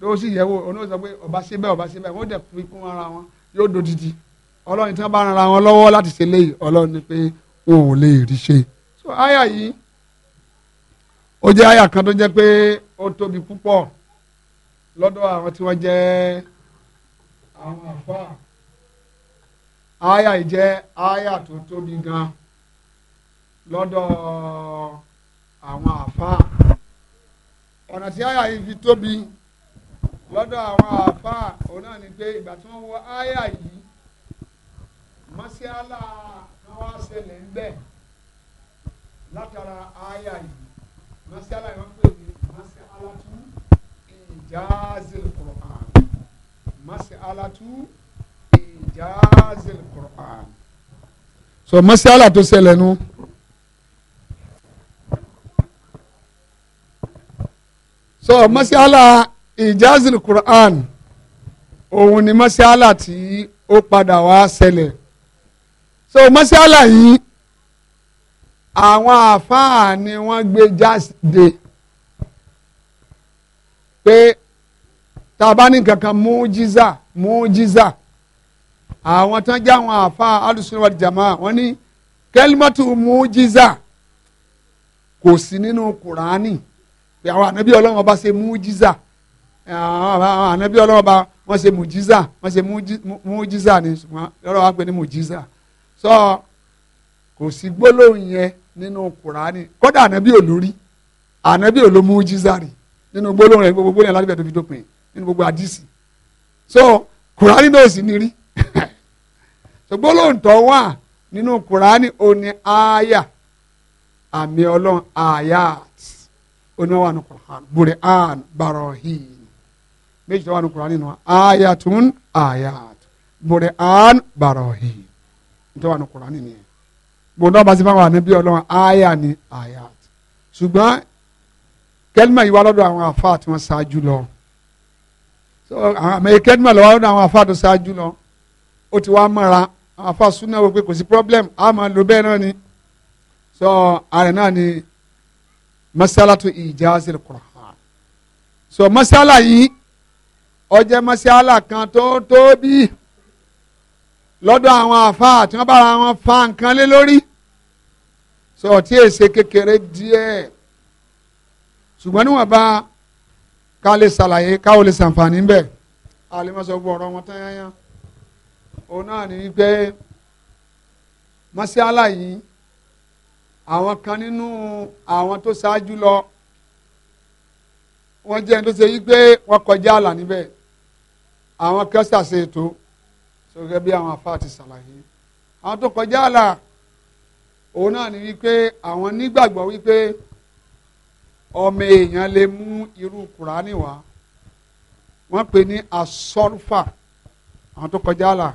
tó sì yẹ̀wò oní ó sọ pé ọba ṣe bẹ́ẹ̀ ọba ṣe bẹ́ẹ̀ wọ́n dẹ̀ fi kún ara wọn yóò dodidi ọlọ́run tí wọ́n bá ń ra wọn lọ́wọ́ láti ṣe léyìí ọlọ́run ni pé wọn ò lè rí ṣe so àyà yìí ó jẹ́ àyà kan tó jẹ́ pé ó tóbi púpọ̀ lọ́dọ̀ àwọn tí wọ́n jẹ́ àwọn àfa àyà yìí jẹ́ àyà tó tóbi gan lọ́dọ̀ àwọn àfa ọ̀nà tí àyà yìí fi tóbi lọ́dọ̀ àwọn àáfàá òun náà ni pé ìgbà tí wọ́n wọ àyà yìí mọ́síálà kan wá ṣẹlẹ̀ ń bẹ̀ látara àyà yìí mọ́síálà yìí wọ́n pè ní mọ́síálà tú ìjáàzìl Qur'an mọ́síálà tú ìjáàzìl Qur'an. so mọ́síálà tó ṣẹlẹ̀ nu. so mọ́síálà ìjázìlì Quran òun ni mọ́ṣálà tí ó padà wá ṣẹlẹ̀ so mọ́ṣálà yìí àwọn àfáà ni wọ́n gbé jáde pé tá a bá ní kankan mújíza mújíza àwọn tán jẹ́ àwọn àfáà alùsùn wal jamaa wọ́n ní kẹ́límọ́tù mújíza kò sí nínú Kùránì pé àwọn ànábì Ọlọ́run ọba ṣe mújíza àwọn ah, ah, ah, ànábí ọlọ́ọ̀ba wọ́n ṣe mùjíza wọ́n ṣe mùjíza ni ṣùgbọ́n ọlọ́wà pé ní mùjíza sọ kò sí gbólóhùn yẹn nínú kùránì kódà ànábí olórí ànábí olómùjíza rí nínú gbólóhùn yẹn gbogbo yẹn láti bẹ̀ tó fi dópin nínú gbogbo àdìsí so kùránì náà sì ní rí so gbólóhùn tó wà nínú kùránì òní àyà àmì ọlọ́run àyà òní wà nínú kùránì bùrẹ̀ àn bàrọ̀ hìí méjì tó wà ní ayatun ayat burhan barohi tó wà ní kurani nìyẹn gbọdọ bá ti fún wa níbi Ọlọ́run aya ni ayat ṣùgbọ́n kẹlímà yìí wá lọ́dọ̀ àwọn afa tí wọn ṣáájú lọ àmọ́ kẹlímà lọ wá lọ́dọ̀ àwọn afa tó ṣáájú lọ ó ti wá mọ́ra àwọn afa súná wọ pé kò sí problem a máa lo bẹ́ẹ̀ náà ni sọ ààrẹ náà ni masalatu ijazil Qur'an sọ masala yìí ó jẹ́ mọ́ṣáálà kan tó tóbi lọ́dọ̀ àwọn àfáà tí wọ́n bára wọn fa nǹkan lé lórí sọ tí èsè kékeré díẹ̀ ṣùgbọ́n níwọ̀n bá ká lè ṣàlàyé káwọ lè ṣàǹfààní ń bẹ̀ àlèmọ́sọ gbọ́ ọ̀rọ̀ wọn tán yányán òun náà ní pé mọ́ṣáálà yìí àwọn kan nínú àwọn tó ṣáájú lọ wọ́n jẹ́ ẹni tó ṣe yí pé wọ́n kọjá àlà níbẹ̀ àwọn kan ṣàṣe ètò sọ̀rọ̀ bí àwọn afá ti ṣàlàyé àwọn tó kọjá àlà òun náà ni wípé àwọn nígbàgbọ́ wípé ọmọ èèyàn lè mú irú kùránì wá wọ́n pè ní asọ́rùfà àwọn tó kọjá àlà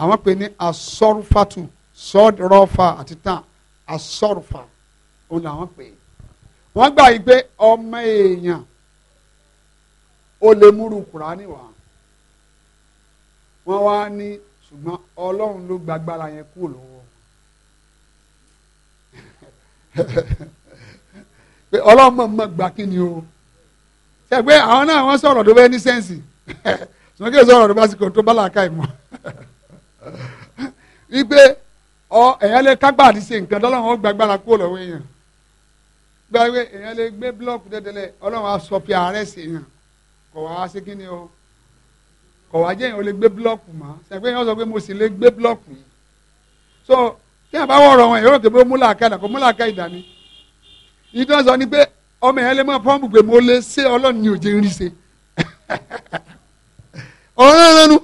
àwọn pè ní asọ́rùfàtù sọ́ọ̀dọ̀rọ̀fà àti tán asọ́rùfà òun làwọn pè é wọ́n gbà yí pé ọmọ èèyàn ó lè múrú kùránì wá wọ́n wá ní ṣùgbọ́n ọlọ́run ló gbàgbára yẹn kúrò lọ́wọ́ pé ọlọ́run mọ̀ mọ̀ gbà kí ni o ṣe pé àwọn náà wọ́n sọ̀rọ̀ tó bẹ́ẹ̀ ní sẹ́ǹsì ṣùgbọ́n kí n sọ̀rọ̀ tó bá sì kò tó bá làákà ìmọ̀ wípé ọ èèyàn lè kágbà àti ṣe nǹkan tọ́lọ́run ó gbàgbára kúrò lọ́wọ́ èèyàn gbàgbé èèyàn lè gbé búlọ́ọ̀kù tẹ́tẹ́lẹ̀ ọlọ́run á sọ pé ààrẹ ṣèyàn kọ̀ wá sí kí ni o kọ̀wá jẹ́ yẹn o lè gbé búlọ́ọ̀kù mọ́ sẹ́gbẹ́ yẹn ó sọ pé mo sì lè gbé búlọ́ọ̀kù yìí so tí a bá wọ̀rọ̀ wọn yóò tó pé múlà ká ìdàkọ̀ múlà ká ìdání ìdán sọ ni pé ọmọ yẹn lè mọ pọ́ǹpù pé mo lè ṣe ọlọ́run ní òjé rí ṣe ọ̀rọ̀ náà lẹ́nu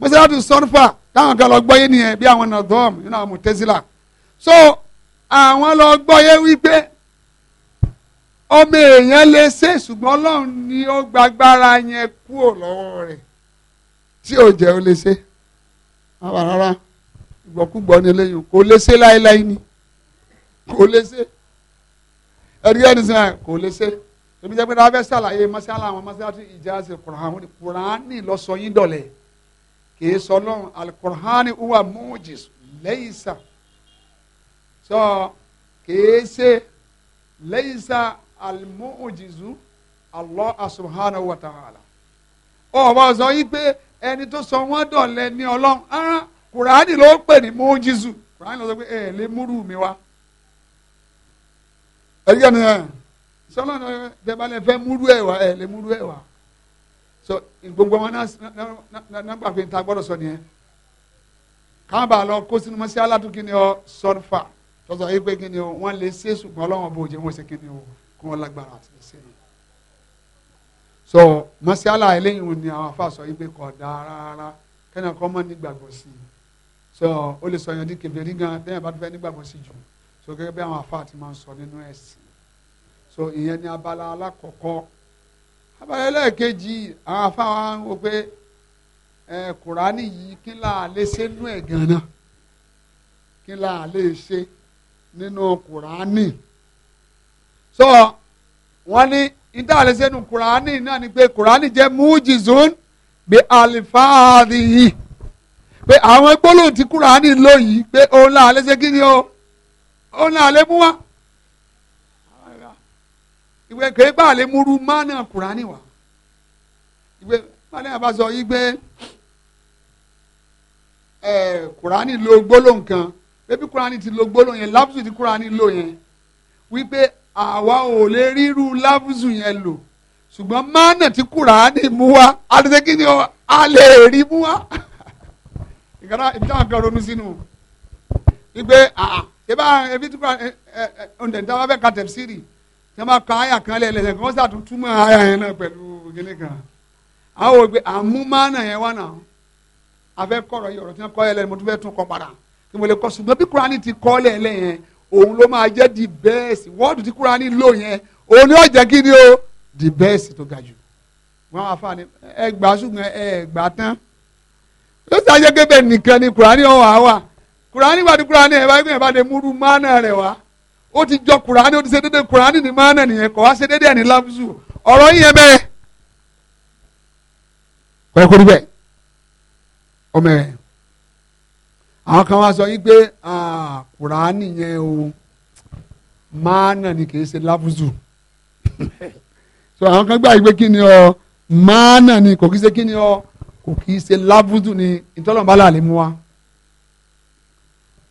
mọ́sálásí sọ́nfà táwọn kan lọ gbọ́yé nìyẹn bí àwọn nàdọ́m nínú àwọn mùtẹ́sílà so àwọn lọ gbọ́yé wípé ọmọ èèyàn lè ṣe ṣùgbọ́n ọlọ́run ni ó gbagbára yẹn kúrò lọ́wọ́ rẹ̀ tí ò jẹ́ ó lè ṣe àwa rárá ìgbọ́kúgbọ́ ni eléyìí kò lè ṣe láéláé ni kò lè ṣe ẹ̀rí ẹni sìn náà kò lè ṣe èmi jẹ́ pé náà fẹ́ ṣàlàyé mọ́ṣálá àwọn mọ́ṣálá tí ìjà ṣe kùránì kùránì lọ sọ yín dọ̀lẹ́ kìí sọ lọ́run alukùránì uwa mujis lẹ́yìísà sọ kìí ṣe lẹ́yìísà alimujizu Allah subhanahu wa ta'ala ọ̀ bá sọ yín pé ẹni tó sọ wọ́n dọ̀lẹ́ ní ọlọ́run ara kùránì ló pè ní mójísù kùránì ló sọ pé ẹ lè múrù mi wá. ẹ̀rí kan nìyẹn sọlá náà tẹ́balẹ̀ fẹ́ múrù ẹ̀ wá ẹ lè múrù ẹ̀ wá. so gbogbo wọn náà gbà pé níta gbọ́dọ̀ sọ nìyẹn. káwọn bá lọ kó sínú mọ́sí aládùn kí ni ọ sọ́nfà tọ́sọ̀ yìí pé kí ni ọ wọ́n lè ṣe ṣùgbọ́n ọlọ́run bò jẹ́ wọ́n ṣe kí ni ọ kí wọ́n lágbára àti ṣe é so masiala eléyìí ni àwọn afa sọ yìí pé kò dáa rárá kẹ́nà kọ́ mọ́ nígbàgbọ́ sí i so ó lè sọ yẹn di kèfèrí gan tẹ́yìn bá fẹ́ nígbàgbọ́ sí jù so gẹ́gẹ́ bí àwọn afa ti máa ń sọ nínú ẹ̀sìn so ìyẹn ni abala alákọ̀ọ́kọ́ abala ẹlẹ́ẹ̀kejì àwọn afa wa ń wo pé ẹ kùránì yìí kí n là lè ṣe nú ẹ̀ gan náà kí n là lè ṣe nínú kùránì so wọ́n ní ìdáhàlẹ́ sẹ́nu kùránì náà ni pé kùránì jẹ́ mújìzún bí àlìfáàdì yìí pé àwọn gbólóhùn tí kùránì lò yìí pé òun náà lè ṣe kí ni o òun náà lè mú wá ìwé kéèpà lè múru mánà kùránì wá ìwé mánà yàrá bá sọ yìí pé kùránì lo gbólóhùn kan bébí kùránì ti lo gbólóhùn yẹn lápùsù tí kùránì lò yẹn wípé àwa ò lè ríru láfùsù yẹn lò ṣùgbọ́n mánà tí kùránì mú wa àdìsẹ́ kí ni ọ a lè rí mú wa. ìkàrà ibi táwọn kan ronú sínú wípé ìbá ebi tí kùránì ọ̀ǹdẹ̀ tí wọ́n fẹ́ ka tẹ̀síìrì tí wọ́n bá ka àyà kan lẹ̀ lẹ́sẹ̀ kí wọ́n sàtún túmọ̀ àyà yẹn náà pẹ̀lú kíní kan. àwọn òwe àmú mánà yẹn wà náà afẹ́ kọ̀rọ̀ yìí ọ̀rọ̀ tí wọ́n kọ́ yẹn lẹ́nu mo tún tún kọ padà kí mo lè kọ ṣùgbọ́n bí kùránì ti kọ́ lẹ̀ lẹ́yìn òun ló máa jẹ́ the best wọ́ọ̀dù tí Kúránì lò yẹn òun ni ó jẹ́ kí o the best tó ga jù wọn àfààní ẹ gbà ṣùgbọ́n ẹ gbà tán ló sì ajẹ́gẹ́ bẹ́ẹ̀ nìkan ni Kúránì ọ̀hún àwà Kúránì wà ní Kúránì ẹ̀ báyìí ẹ̀ bá lè múrú mánà rẹ̀ wá ó ti jọ Kúránì ó ti ṣe déédéé Kúránì ní mánà nìyẹn kọ́ wá ṣe déédéé ní lábùsù ọ̀rọ̀ yìí yẹn bẹ́ẹ̀ àwọn kan wá sọ yìí pé kùránì yẹn o máànà ni kì í ṣe láfùzù so àwọn kan gbà yìí pé kí ni ọ máànà ni kò kí ṣe kí ni ọ kò kì í ṣe láfùzù ni ìtọ́lọ̀mọ́lá lè mú wa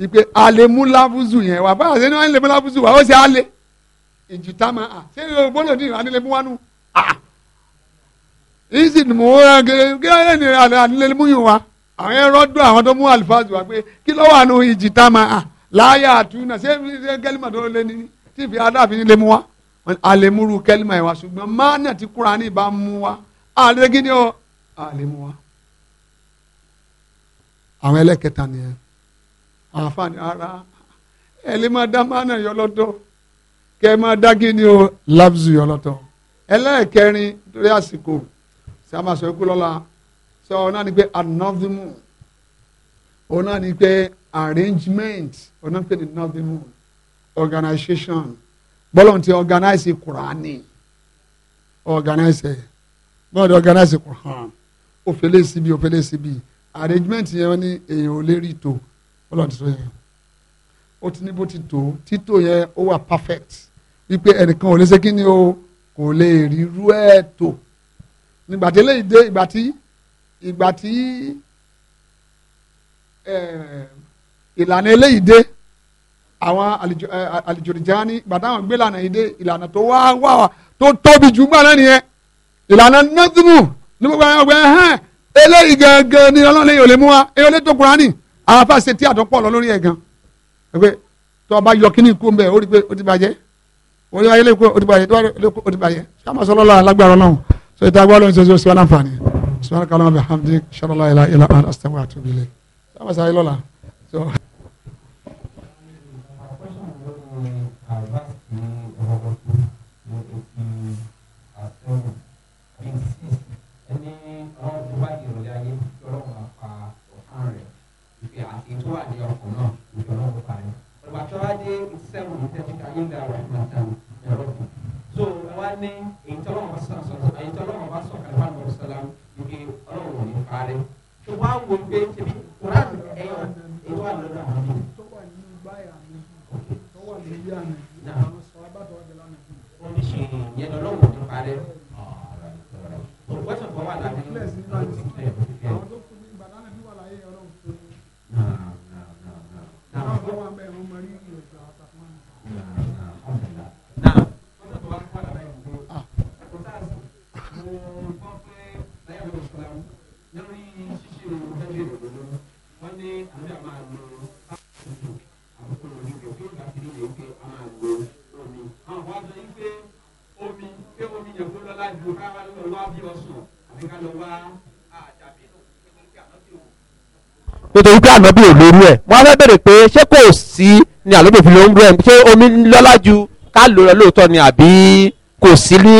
ìpè àlèmú láfùzù yẹn wà báyà sẹ́ni wọ́n lè mú láfùzù wà ó ṣe àlè ìjùtá máa à ṣé ìlú gbọ́dọ̀ ní ìrànlẹ́ lè mú wánú à ìsìn mú wọn gẹ́gẹ́ gẹ́gẹ́ ní ìrànlẹ́ lè mú yìí wá àwọn yẹn rọ́dọ̀ àwọn tó mú àlùfáàsì wá pé kí ló wà nù ìjì tá a máa à ah, láyà àtúnà ṣé ṣé kẹ́límà tó lé ní tí ìfi adáàfi ní lè mú wa àlèmúru kẹ́límà yẹn wá ṣùgbọ́n mánà tí Kùránì bá mú wa àlégí ni ó àlèmú wa. àwọn ẹlẹ́kẹta nìyẹn àǹfààní ara ẹ lè máa dá mánà yọ lọ́tọ̀ kẹ́ ẹ máa dá kí ni ó lábùsù yọ lọ́tọ̀ ẹlẹ́ẹ̀kẹrin torí àsìkò sábà sọ ikú lọ́la so òun náà ni pé anọ́dúnmù òun náà ni pé arrangement òun náà ni pé anọ́dúnmù organization bọ́lọ̀n ti organize kùránì organize bọ́lọ̀n ti organize kùránì òfèlè síbi òfèlè síbi arrangement yẹn ni èèyàn ò lè rí tó bọ́lọ̀n ti sọ yẹn ó ti ní bó ti tó títò yẹn ó wà perfect wípé ẹnìkan ò lè ṣe kí ni o kò lè rí rú ẹ̀ tó nígbà tí eléyìí dé ìgbà tí ìgbà tí eh, ìlànà eléyìí dé àwọn àlìjòrìjáni eh, ìgbà táwọn gbé ìlànà yìí dé ìlànà tó wá wà tó tóbi jù gbà náà nìyẹn ìlànà nọ́tìmù ní gbogbo àwọn ọgbẹ́ hàn eléyìí gangan ni ọlọ́run yóò lè mú wa èyí ò lè tó Kùránì àwọn afáṣe tí àtọ́pọ̀ lọ lórí ẹ̀ gan pé tó o bá yọ kíní kú mbẹ ó rí pé ó ti bàjẹ́ ó rí wáyé lè kú ó ti bàjẹ́ tó wáyé lè kú ó ti bàjẹ́ ká máa sọ lọ́la alágbára ọlọ́run sọ ìta agbára ọlọ́run ṣoṣo ṣe wá láǹfààní subhanaka allahumma bihamdik shalla la ila illa anta astaghfiruka wa atubu ilayk sábà sáyé lọ́la. Thank you so wá ní èyí tí ọlọ́run bá sọ̀rọ̀ sọ̀rọ̀ èyí tí ọlọ́run bá sọ̀rọ̀ kàlífà lọ́wọ́ sọ̀rọ̀ wípé ọlọ́run ò ní parẹ́ tó wá wo pé ṣebí koran ẹ̀yọ èyí wà lọ́dọ̀ àwọn mi. tó wà nínú báyà mi tó wà nínú báyà mi àwọn sọ̀rọ̀ bá tọ́jú lánàá. ó ní ṣe ìyẹn lọ́wọ́ ò ní parẹ́. nítorí pé ànábì ò lórí ẹ̀ wọ́n á fẹ́ bèrè pé ṣé kò sí ni àlóbò fi ló ń rẹ̀ ṣé omi lọ́lá ju ká lò rẹ̀ lóòótọ́ ni àbí kò sí ní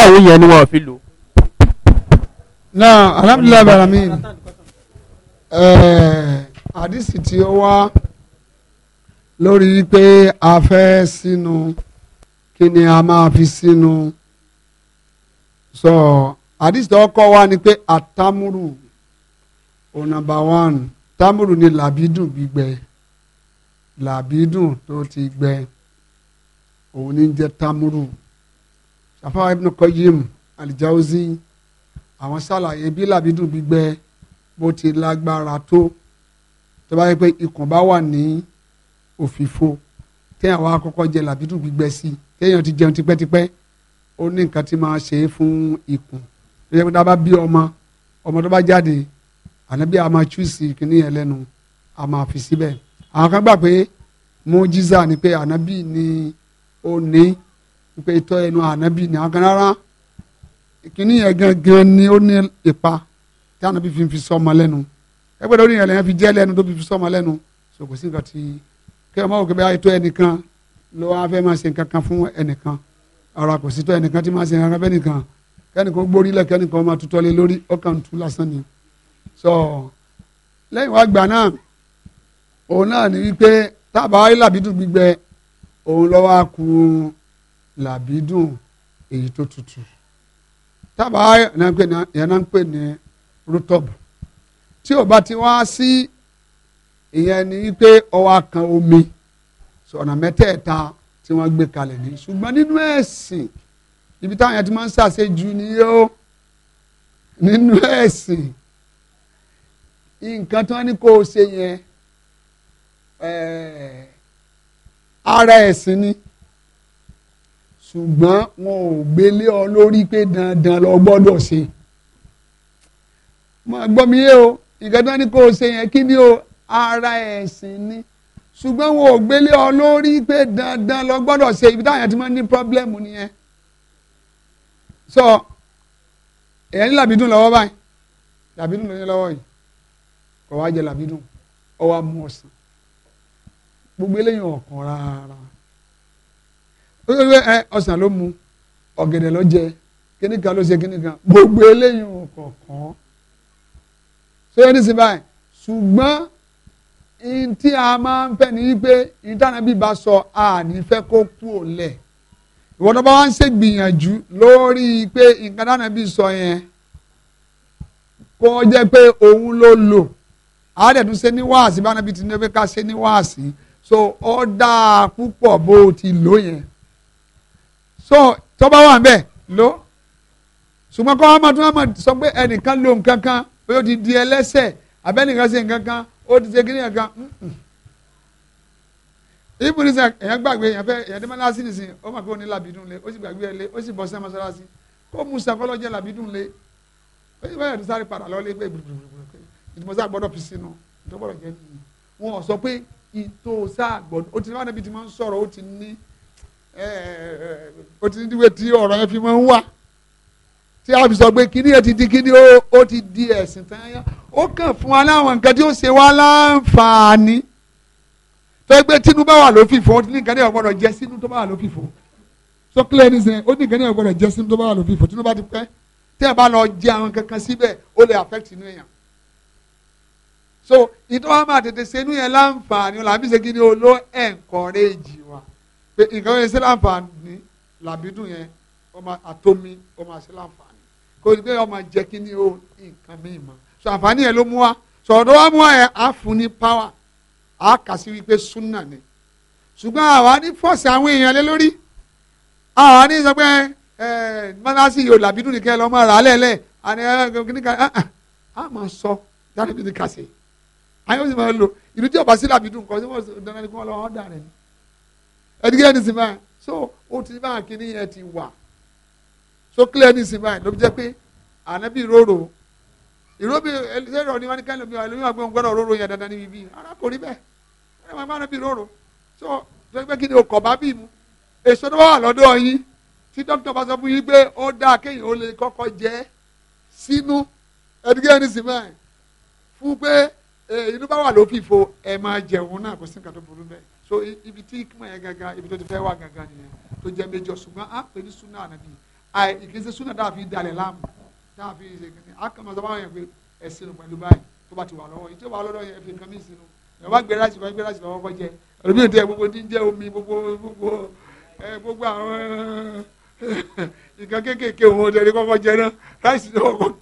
ọ̀hún yẹn ni wọ́n fi lò. náà alhamdulilayi baramin àdìsí eh, tí ó wá lórí pé a fẹ́ sínú kí ni a máa fi sínú sọ àdìsí tó kọ́ wa ni pé àtàmúrù ò nàmbà one támúrù ni làbídùn gbígbẹ làbídùn tó ti gbẹ òun ní jẹ támúrù ṣàfáà Ibn Qayyim Al-Jawzi àwọn ṣàlàyé bí làbídùn gbígbẹ bó ti lágbára tó tó bá yẹ pé ikùn bá wà ní òfìfo téèyàn wá kọ́kọ́ jẹ làbídùn gbígbẹ sí téèyàn ti jẹun tipẹ́tipẹ́ ó ní nǹkan tí máa ṣe é fún ikùn tó yẹ pé tá a bá bí ọmọ ọmọ tó bá jáde ànábì a máa chúùsì kínní yẹn lẹ́nu a máa fi síbẹ̀ àwọn kan gbà pé mọ́jísà ni pé ànábì ni ó ní pé tọ́ ẹnu ànábì ni àwọn kan rárá kínní yẹn gangan ni ó ní ipa tí ànábì fi fi sọ ọmọ lẹ́nu ẹgbẹ́ tó ní ìyẹn lẹ́yìn fi jẹ́ lẹ́nu tó fi fi sọ ọmọ lẹ́nu so kò sí nǹkan tí kí ọmọ òkè bá tó ẹnìkan ló wá fẹ́ máa ṣe nǹkan kan fún ẹnìkan ara kò sí tó ẹnìkan tí máa ṣe nǹkan fẹ́ nìkan kẹ́nìkan gbórí lẹ̀ kẹ́nìkan máa tutọ́ lórí ọkàn tú lásán ni so lẹ́yìn wá gbà náà òun náà ní wípé tábà wáyé làbídùn gbígbẹ òun lọ́ wá ku làbídùn èyí tó tutù tábà wáyé yẹn náà ń pè ní rútọ́bù tí ò bá ti wá sí ìyẹn ní wípé ọwọ́ kan omi sọ̀nà mẹ́tẹ̀ẹ̀ta tí wọ́n gbé kalẹ̀ ní ṣùgbọ́n nínú ẹ̀sìn ibi táwọn yẹn ti máa ń ṣàṣejù ni yóò nínú ẹ̀sìn nǹkan tí wọ́n ní ṣe yẹn eh, ara ẹ̀sìn ni ṣùgbọ́n wọn ò gbélé ọ lórí pé dandan lọ gbọ́dọ̀ ṣe mọ gbọ́ mi yé o nǹkan tí wọ́n ní ṣe yẹn kí ni o ara ẹ̀sìn ni ṣùgbọ́n wọn ò gbélé ọ lórí pé dandan lọ gbọ́dọ̀ ṣe ibi táwọn ti máa ń ní pọ́blẹ́mù nìyẹn sọ èèyàn ní làbídùn lọ́wọ́ báyìí làbídùn lọ́wọ́ yìí kọ́ wá dùn ọ wá mú gbogbo eléyìí ọ̀kan rárá ó ló mu ọ̀gẹ̀dẹ̀ ló jẹ kíní kan ló ṣe kíní kan gbogbo eléyìí ọ̀kọ̀ọ̀kan sóyè ní sinmi báyìí ṣùgbọ́n ntí a máa ń fẹ́ ni wípé ìtànà bí ba sọ a ní fẹ́ kó kú ò lẹ̀ ìwọ́n tó bá wá ń ṣe gbìyànjú lórí pé nǹkan dáná bí sọ yẹn kó jẹ́ pé òun ló lò àádẹ́tún ṣe ní wáàsí bánabi ti ní pé ká ṣe ní wáàsí so ó dáa púpọ̀ bó o ti lò yẹn so tó bá wà níbẹ̀ lò ṣùgbọ́n kọ́ ọmọ tó wọ́n mọ̀ sọ pé ẹnìkan lò nǹkan kan pé ó ti di ẹlẹ́sẹ̀ abẹ́nìkan ṣe nǹkan kan ó ti ṣe kí nìkan kan ibùdó sẹ èèyàn gbàgbé èèyàn fẹ́ èèyàn dẹ́mọ́lá sí nìsín ó mọ̀ pé ó ní làbídùn lé ó sì gbàgbé ẹ lé ó sì bọ́ sí mọ́sálásí kó mu sàkọ́lọ́jẹ́ làbídùn lé ó sì bá yàtọ̀ sáré padà lọ́lé gbé gbùgbùgbùgbù ìtumọ̀sá gbọ́dọ̀ fi sínú ìtọ́ gbọ́dọ̀ jẹ́ nìyí wọn sọ pé ìtòsá gbọ́dọ̀ ó ti ní wàhánà bí ti máa ń sọ̀rọ̀ ó ti ní ó ti ní díwé tí ọ̀rọ̀ yẹn fi máa ń wà tí a fi sọ pé kíní ẹ ti di kíní ó ti di ẹ̀sìn tán yá ó kàn fún wa láwọn nǹkan tí ó ṣe wá láǹfààní tọ́ pé tínú bá wà ló fìfọ́ ó ní nǹkan ní ọ̀gbọ́dọ̀ jẹ́ sínú tó bá wà ló fìfọ́ sọ́kìlẹ̀ ní sẹ́yìn ó ní nǹkan ní ọ̀gbọ́dọ̀ jẹ́ sínú tó bá wà ló fìfọ́ tínú bá ti pẹ́ tẹ́ ẹ bá lọ jẹ àwọn kankan síbẹ̀ ó lè affect inú èèyàn so ìtọ́wá máa tètè ṣe inú yẹn láǹfààní o làbí ṣe kí ni o ló encourage wa pé nǹkan yẹn ṣe láǹfààní làbí dùn yẹn ọmọ àtomi ọmọ àṣẹ láǹfààní kò ní pé ọmọ jẹ́ kí ni o nǹkan míì mọ́ so àǹfààní yẹn ló mú wa sọ̀rọ̀ wa mú wa yẹn á fún ní power á kà sí wípé súnà ni ṣùgbọ́n àwa ní fọ́ọ̀sì àwọn èèyàn lé lórí àwa ní sọ pé ẹ mọ́tàsí yóò làbí dùn ní kẹ́ lọ́mọ rà á lẹ́lẹ́ àni ẹ kìnnìkan á máa sọ dáadé bíi kàṣe àyàn sì máa lò ìlú tí ọba sílà bí dùn kọ́ sí wọ́n dandan ni kí wọ́n lọ ọ́dà rẹ̀ ni ẹ̀dígẹ́ ni sì máa so ó ti máa kíní yẹn ti wà so clear ni sì máa ló fi jẹ́ pé ànábì róró ìróbì ẹlẹ́rọ ni wọ́n ní kẹ́lẹ́ mi wà lóyún àgbọ̀n gbọ́dọ̀ róró yẹn dandan ni bíbí arákùnrin bẹ́ẹ̀ ẹ̀rọ máa bá ànábì róró so pé kí ni o kọ̀ bá bí mu èso tó wà lọ́dọ̀ yín tí dókítà bá sọ fún yín pé ó dáa kéèyàn ó lè kọ́kọ́ jẹ sínú ẹ̀dígẹ́ ni sì máa fún pé Eh, inú bá wà lópì fo ẹ máa jẹun náà kò sí nǹkan tó burú bẹ́ẹ̀ so ibi tí kíma yẹn gangan ibi tó ti fẹ́ wà gangan nìyẹn tó jẹ́ méjọ ṣùgbọ́n á pè ní súnà ànàbì àì ìkíni súnà dàbí dalẹ̀ láàmú dàbí ṣe kíni á kàn máa sọ báwọn yẹn pé ẹ̀sìn ló pẹ̀lú báyìí tó bá ti wà lọ́wọ́ ìtí ó wà lọ́dọ̀ yẹn fi nǹkan mí sínú ẹ̀ wá gbé láti wá gbé láti lọ́wọ́ kọjẹ ẹlòmíràn tó yẹ gbogbo ní jẹ́ omi gbogbo gbogbo ẹ gbogbo àwọn nǹkan kéékèèké òun ọ̀dẹ̀ ní kọ́kọ́ jẹ náà láìsí lọ́wọ́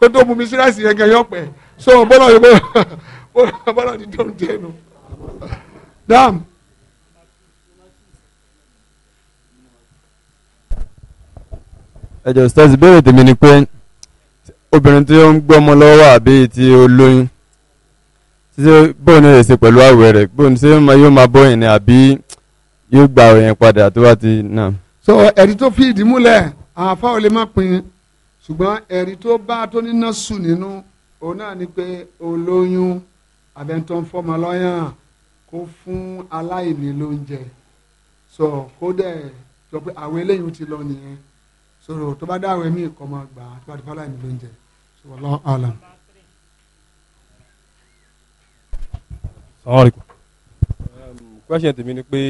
kó tó mú mi sí láìsí yẹn gan yọ̀pẹ̀ so bọ́lá yìí bọ́lá bọ́lá ti dọ̀rùn tiẹ̀ nù dam. ẹ̀jẹ̀ stars ìbéèrè tèmi ni pé obìnrin tí ó ń gbé ọmọ lọ́wọ́ àbí tí ó lóyún ṣe bóun lè ṣe pẹ̀lú àwẹ̀ rẹ̀ bóun ṣe yóò máa bóyin ni àbí yóò gba àwẹ̀ yẹn padà tó bá ti nà. so ẹ̀rí tó fi ìdí múlẹ̀ àáfà ò lè má pin ṣùgbọ́n ẹ̀rí tó bá tó ní násù nínú òun náà ni pé olóyún abẹ́ntọ́ ń fọmọ lọ́yàn kó fún aláìní lóúnjẹ so kó dẹ̀ sọ pé àwọn eléyìí ti lọ nìyẹn sọ̀rọ̀ tó bá dáwọ̀ ẹ̀mí ìkọ́ máa gbà á tó bá ti fọ́ aláìní lóúnjẹ so wallahu alam. sàmúlò um, question tèmi ni pé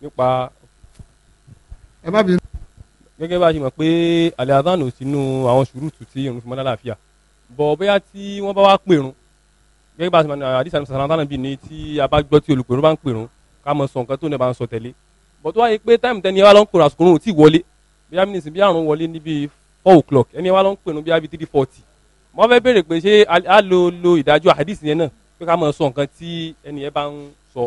nípa. ẹ má bínú gẹ́gẹ́ bá a ṣe mọ̀ pé àlẹ́ azánù sínú àwọn ṣùrùtù tí irun fi mọ́ lálàáfíà bọ̀ bóyá tí wọ́n bá wá pèrun gẹ́gẹ́ bá a ṣe mọ̀ àdìsá ní sàrán tánà bíi ní tí a bá gbọ́ tí olùpèrun bá ń pèrun ká mọ̀ sọ tó ní bá ń sọ tẹ̀lé bọ̀ tó wáyé pé táìmù tẹ́ni wá ló ń pèrun àsìkò òun wọlé bóyá mi bí àrùn wọlé níbi four o'clock ẹni wá ló ń pèrun bí forty mo fẹ́ béèrè pé ṣé a lo lo ìdájọ́ àdìsí yẹn náà pé ká mọ̀ sọ nǹkan tí ẹni yẹn bá ń sọ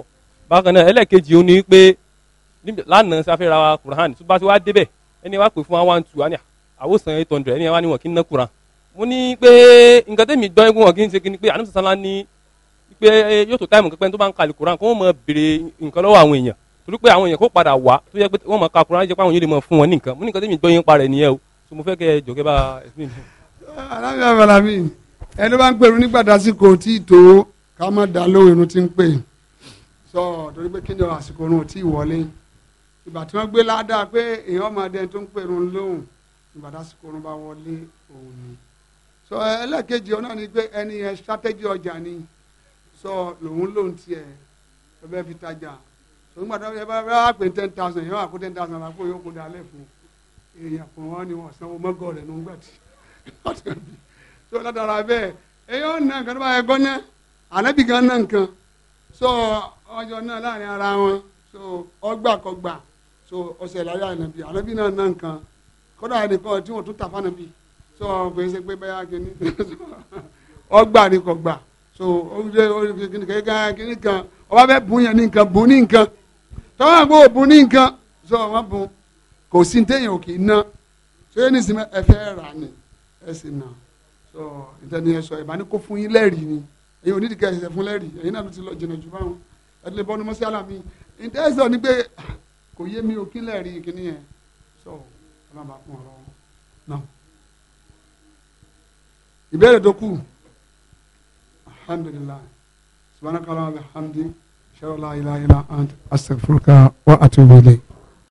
bákan náà ẹni wá pè fún wa one two wani àwòsàn eight hundred ẹni wá ní wọn kí n ná kura mo ní pé nǹkan tẹ́mi gbọ́ ẹgbẹ́ wọn kí n ṣe kí ni pé àná sàlá ní pé yóò tó táìmù kankan tó bá ń ka alukuran kó wọ́n mọ béèrè nǹkan lọ́wọ́ àwọn èèyàn torí pé àwọn èèyàn kó padà wá tó yẹ pé wọ́n mọ ka kuran jẹ́ pé àwọn yóò lè mọ fún wọn ní nǹkan mo ní nǹkan tẹ́mi gbọ́ yín parẹ́ nìyẹn o so mo fẹ́ kẹ́ ẹ jọ̀kẹ́ bá ẹ̀sìn ìgbà tí wọ́n gbé ládàá pé èèyàn ọmọdé tó ń pèrún lóhùn ìgbà tásìkò orun bá wọlé òun ni sọ ẹlẹ́ẹ̀kejì ọ̀nà ni pé ẹni yẹn strategy ọjà ni sọ lòun lòun tiẹ̀ ẹbẹ́ fi tajà sọgbọn tó yẹ bá bá pé ten thousand yẹn wà kó ten thousand àpò yóò kó dalẹ̀ fún èèyàn fún wọn ni wọn sanwó mọ́gọ́ rẹ̀ ló ń gbà tí tó ládàra bẹ́ẹ̀ èèyàn ń ná nǹkan tó bá yẹ gbọ́ ná ànábì gan ná nǹkan sọ ọjọ́ náà láàrin ara wọn sọ ọgbà kọgbà so ọsẹ láyé ànábì ànábì náà ná nǹkan kódà nìkan tí wọn tún tà fànàbì so kò ṣe pé báyà kìíní ọgbà ni kò gbà so kìíní kan ọba fẹ́ bùn yẹn ní nǹkan bùn ní nǹkan tọ́wọ́n àgbo bùn ní nǹkan so wọ́n bùn kò sí téèyàn kì í ná so yẹn ní sinmi ẹ fẹ́ rà ni ẹ sì nà so ìtẹ́ni ẹ sọ ìbá ní kó fún yín lẹ́rìí ni èyí ò ní ìdíkẹ́ ẹ̀sẹ̀ fún lẹ́rìí èyí náà ló ti lọ jìnnà jù báwọn ẹ̀ kò yé mi ò kílẹ̀ rí kíní yẹn so ọlọ́run bá kún ọ̀rọ̀ náà. ìbéèrè tó kù alhamdulilayi subhanaka wa bihamdi shalla ilaha illa ant astaghfiruka wa atubu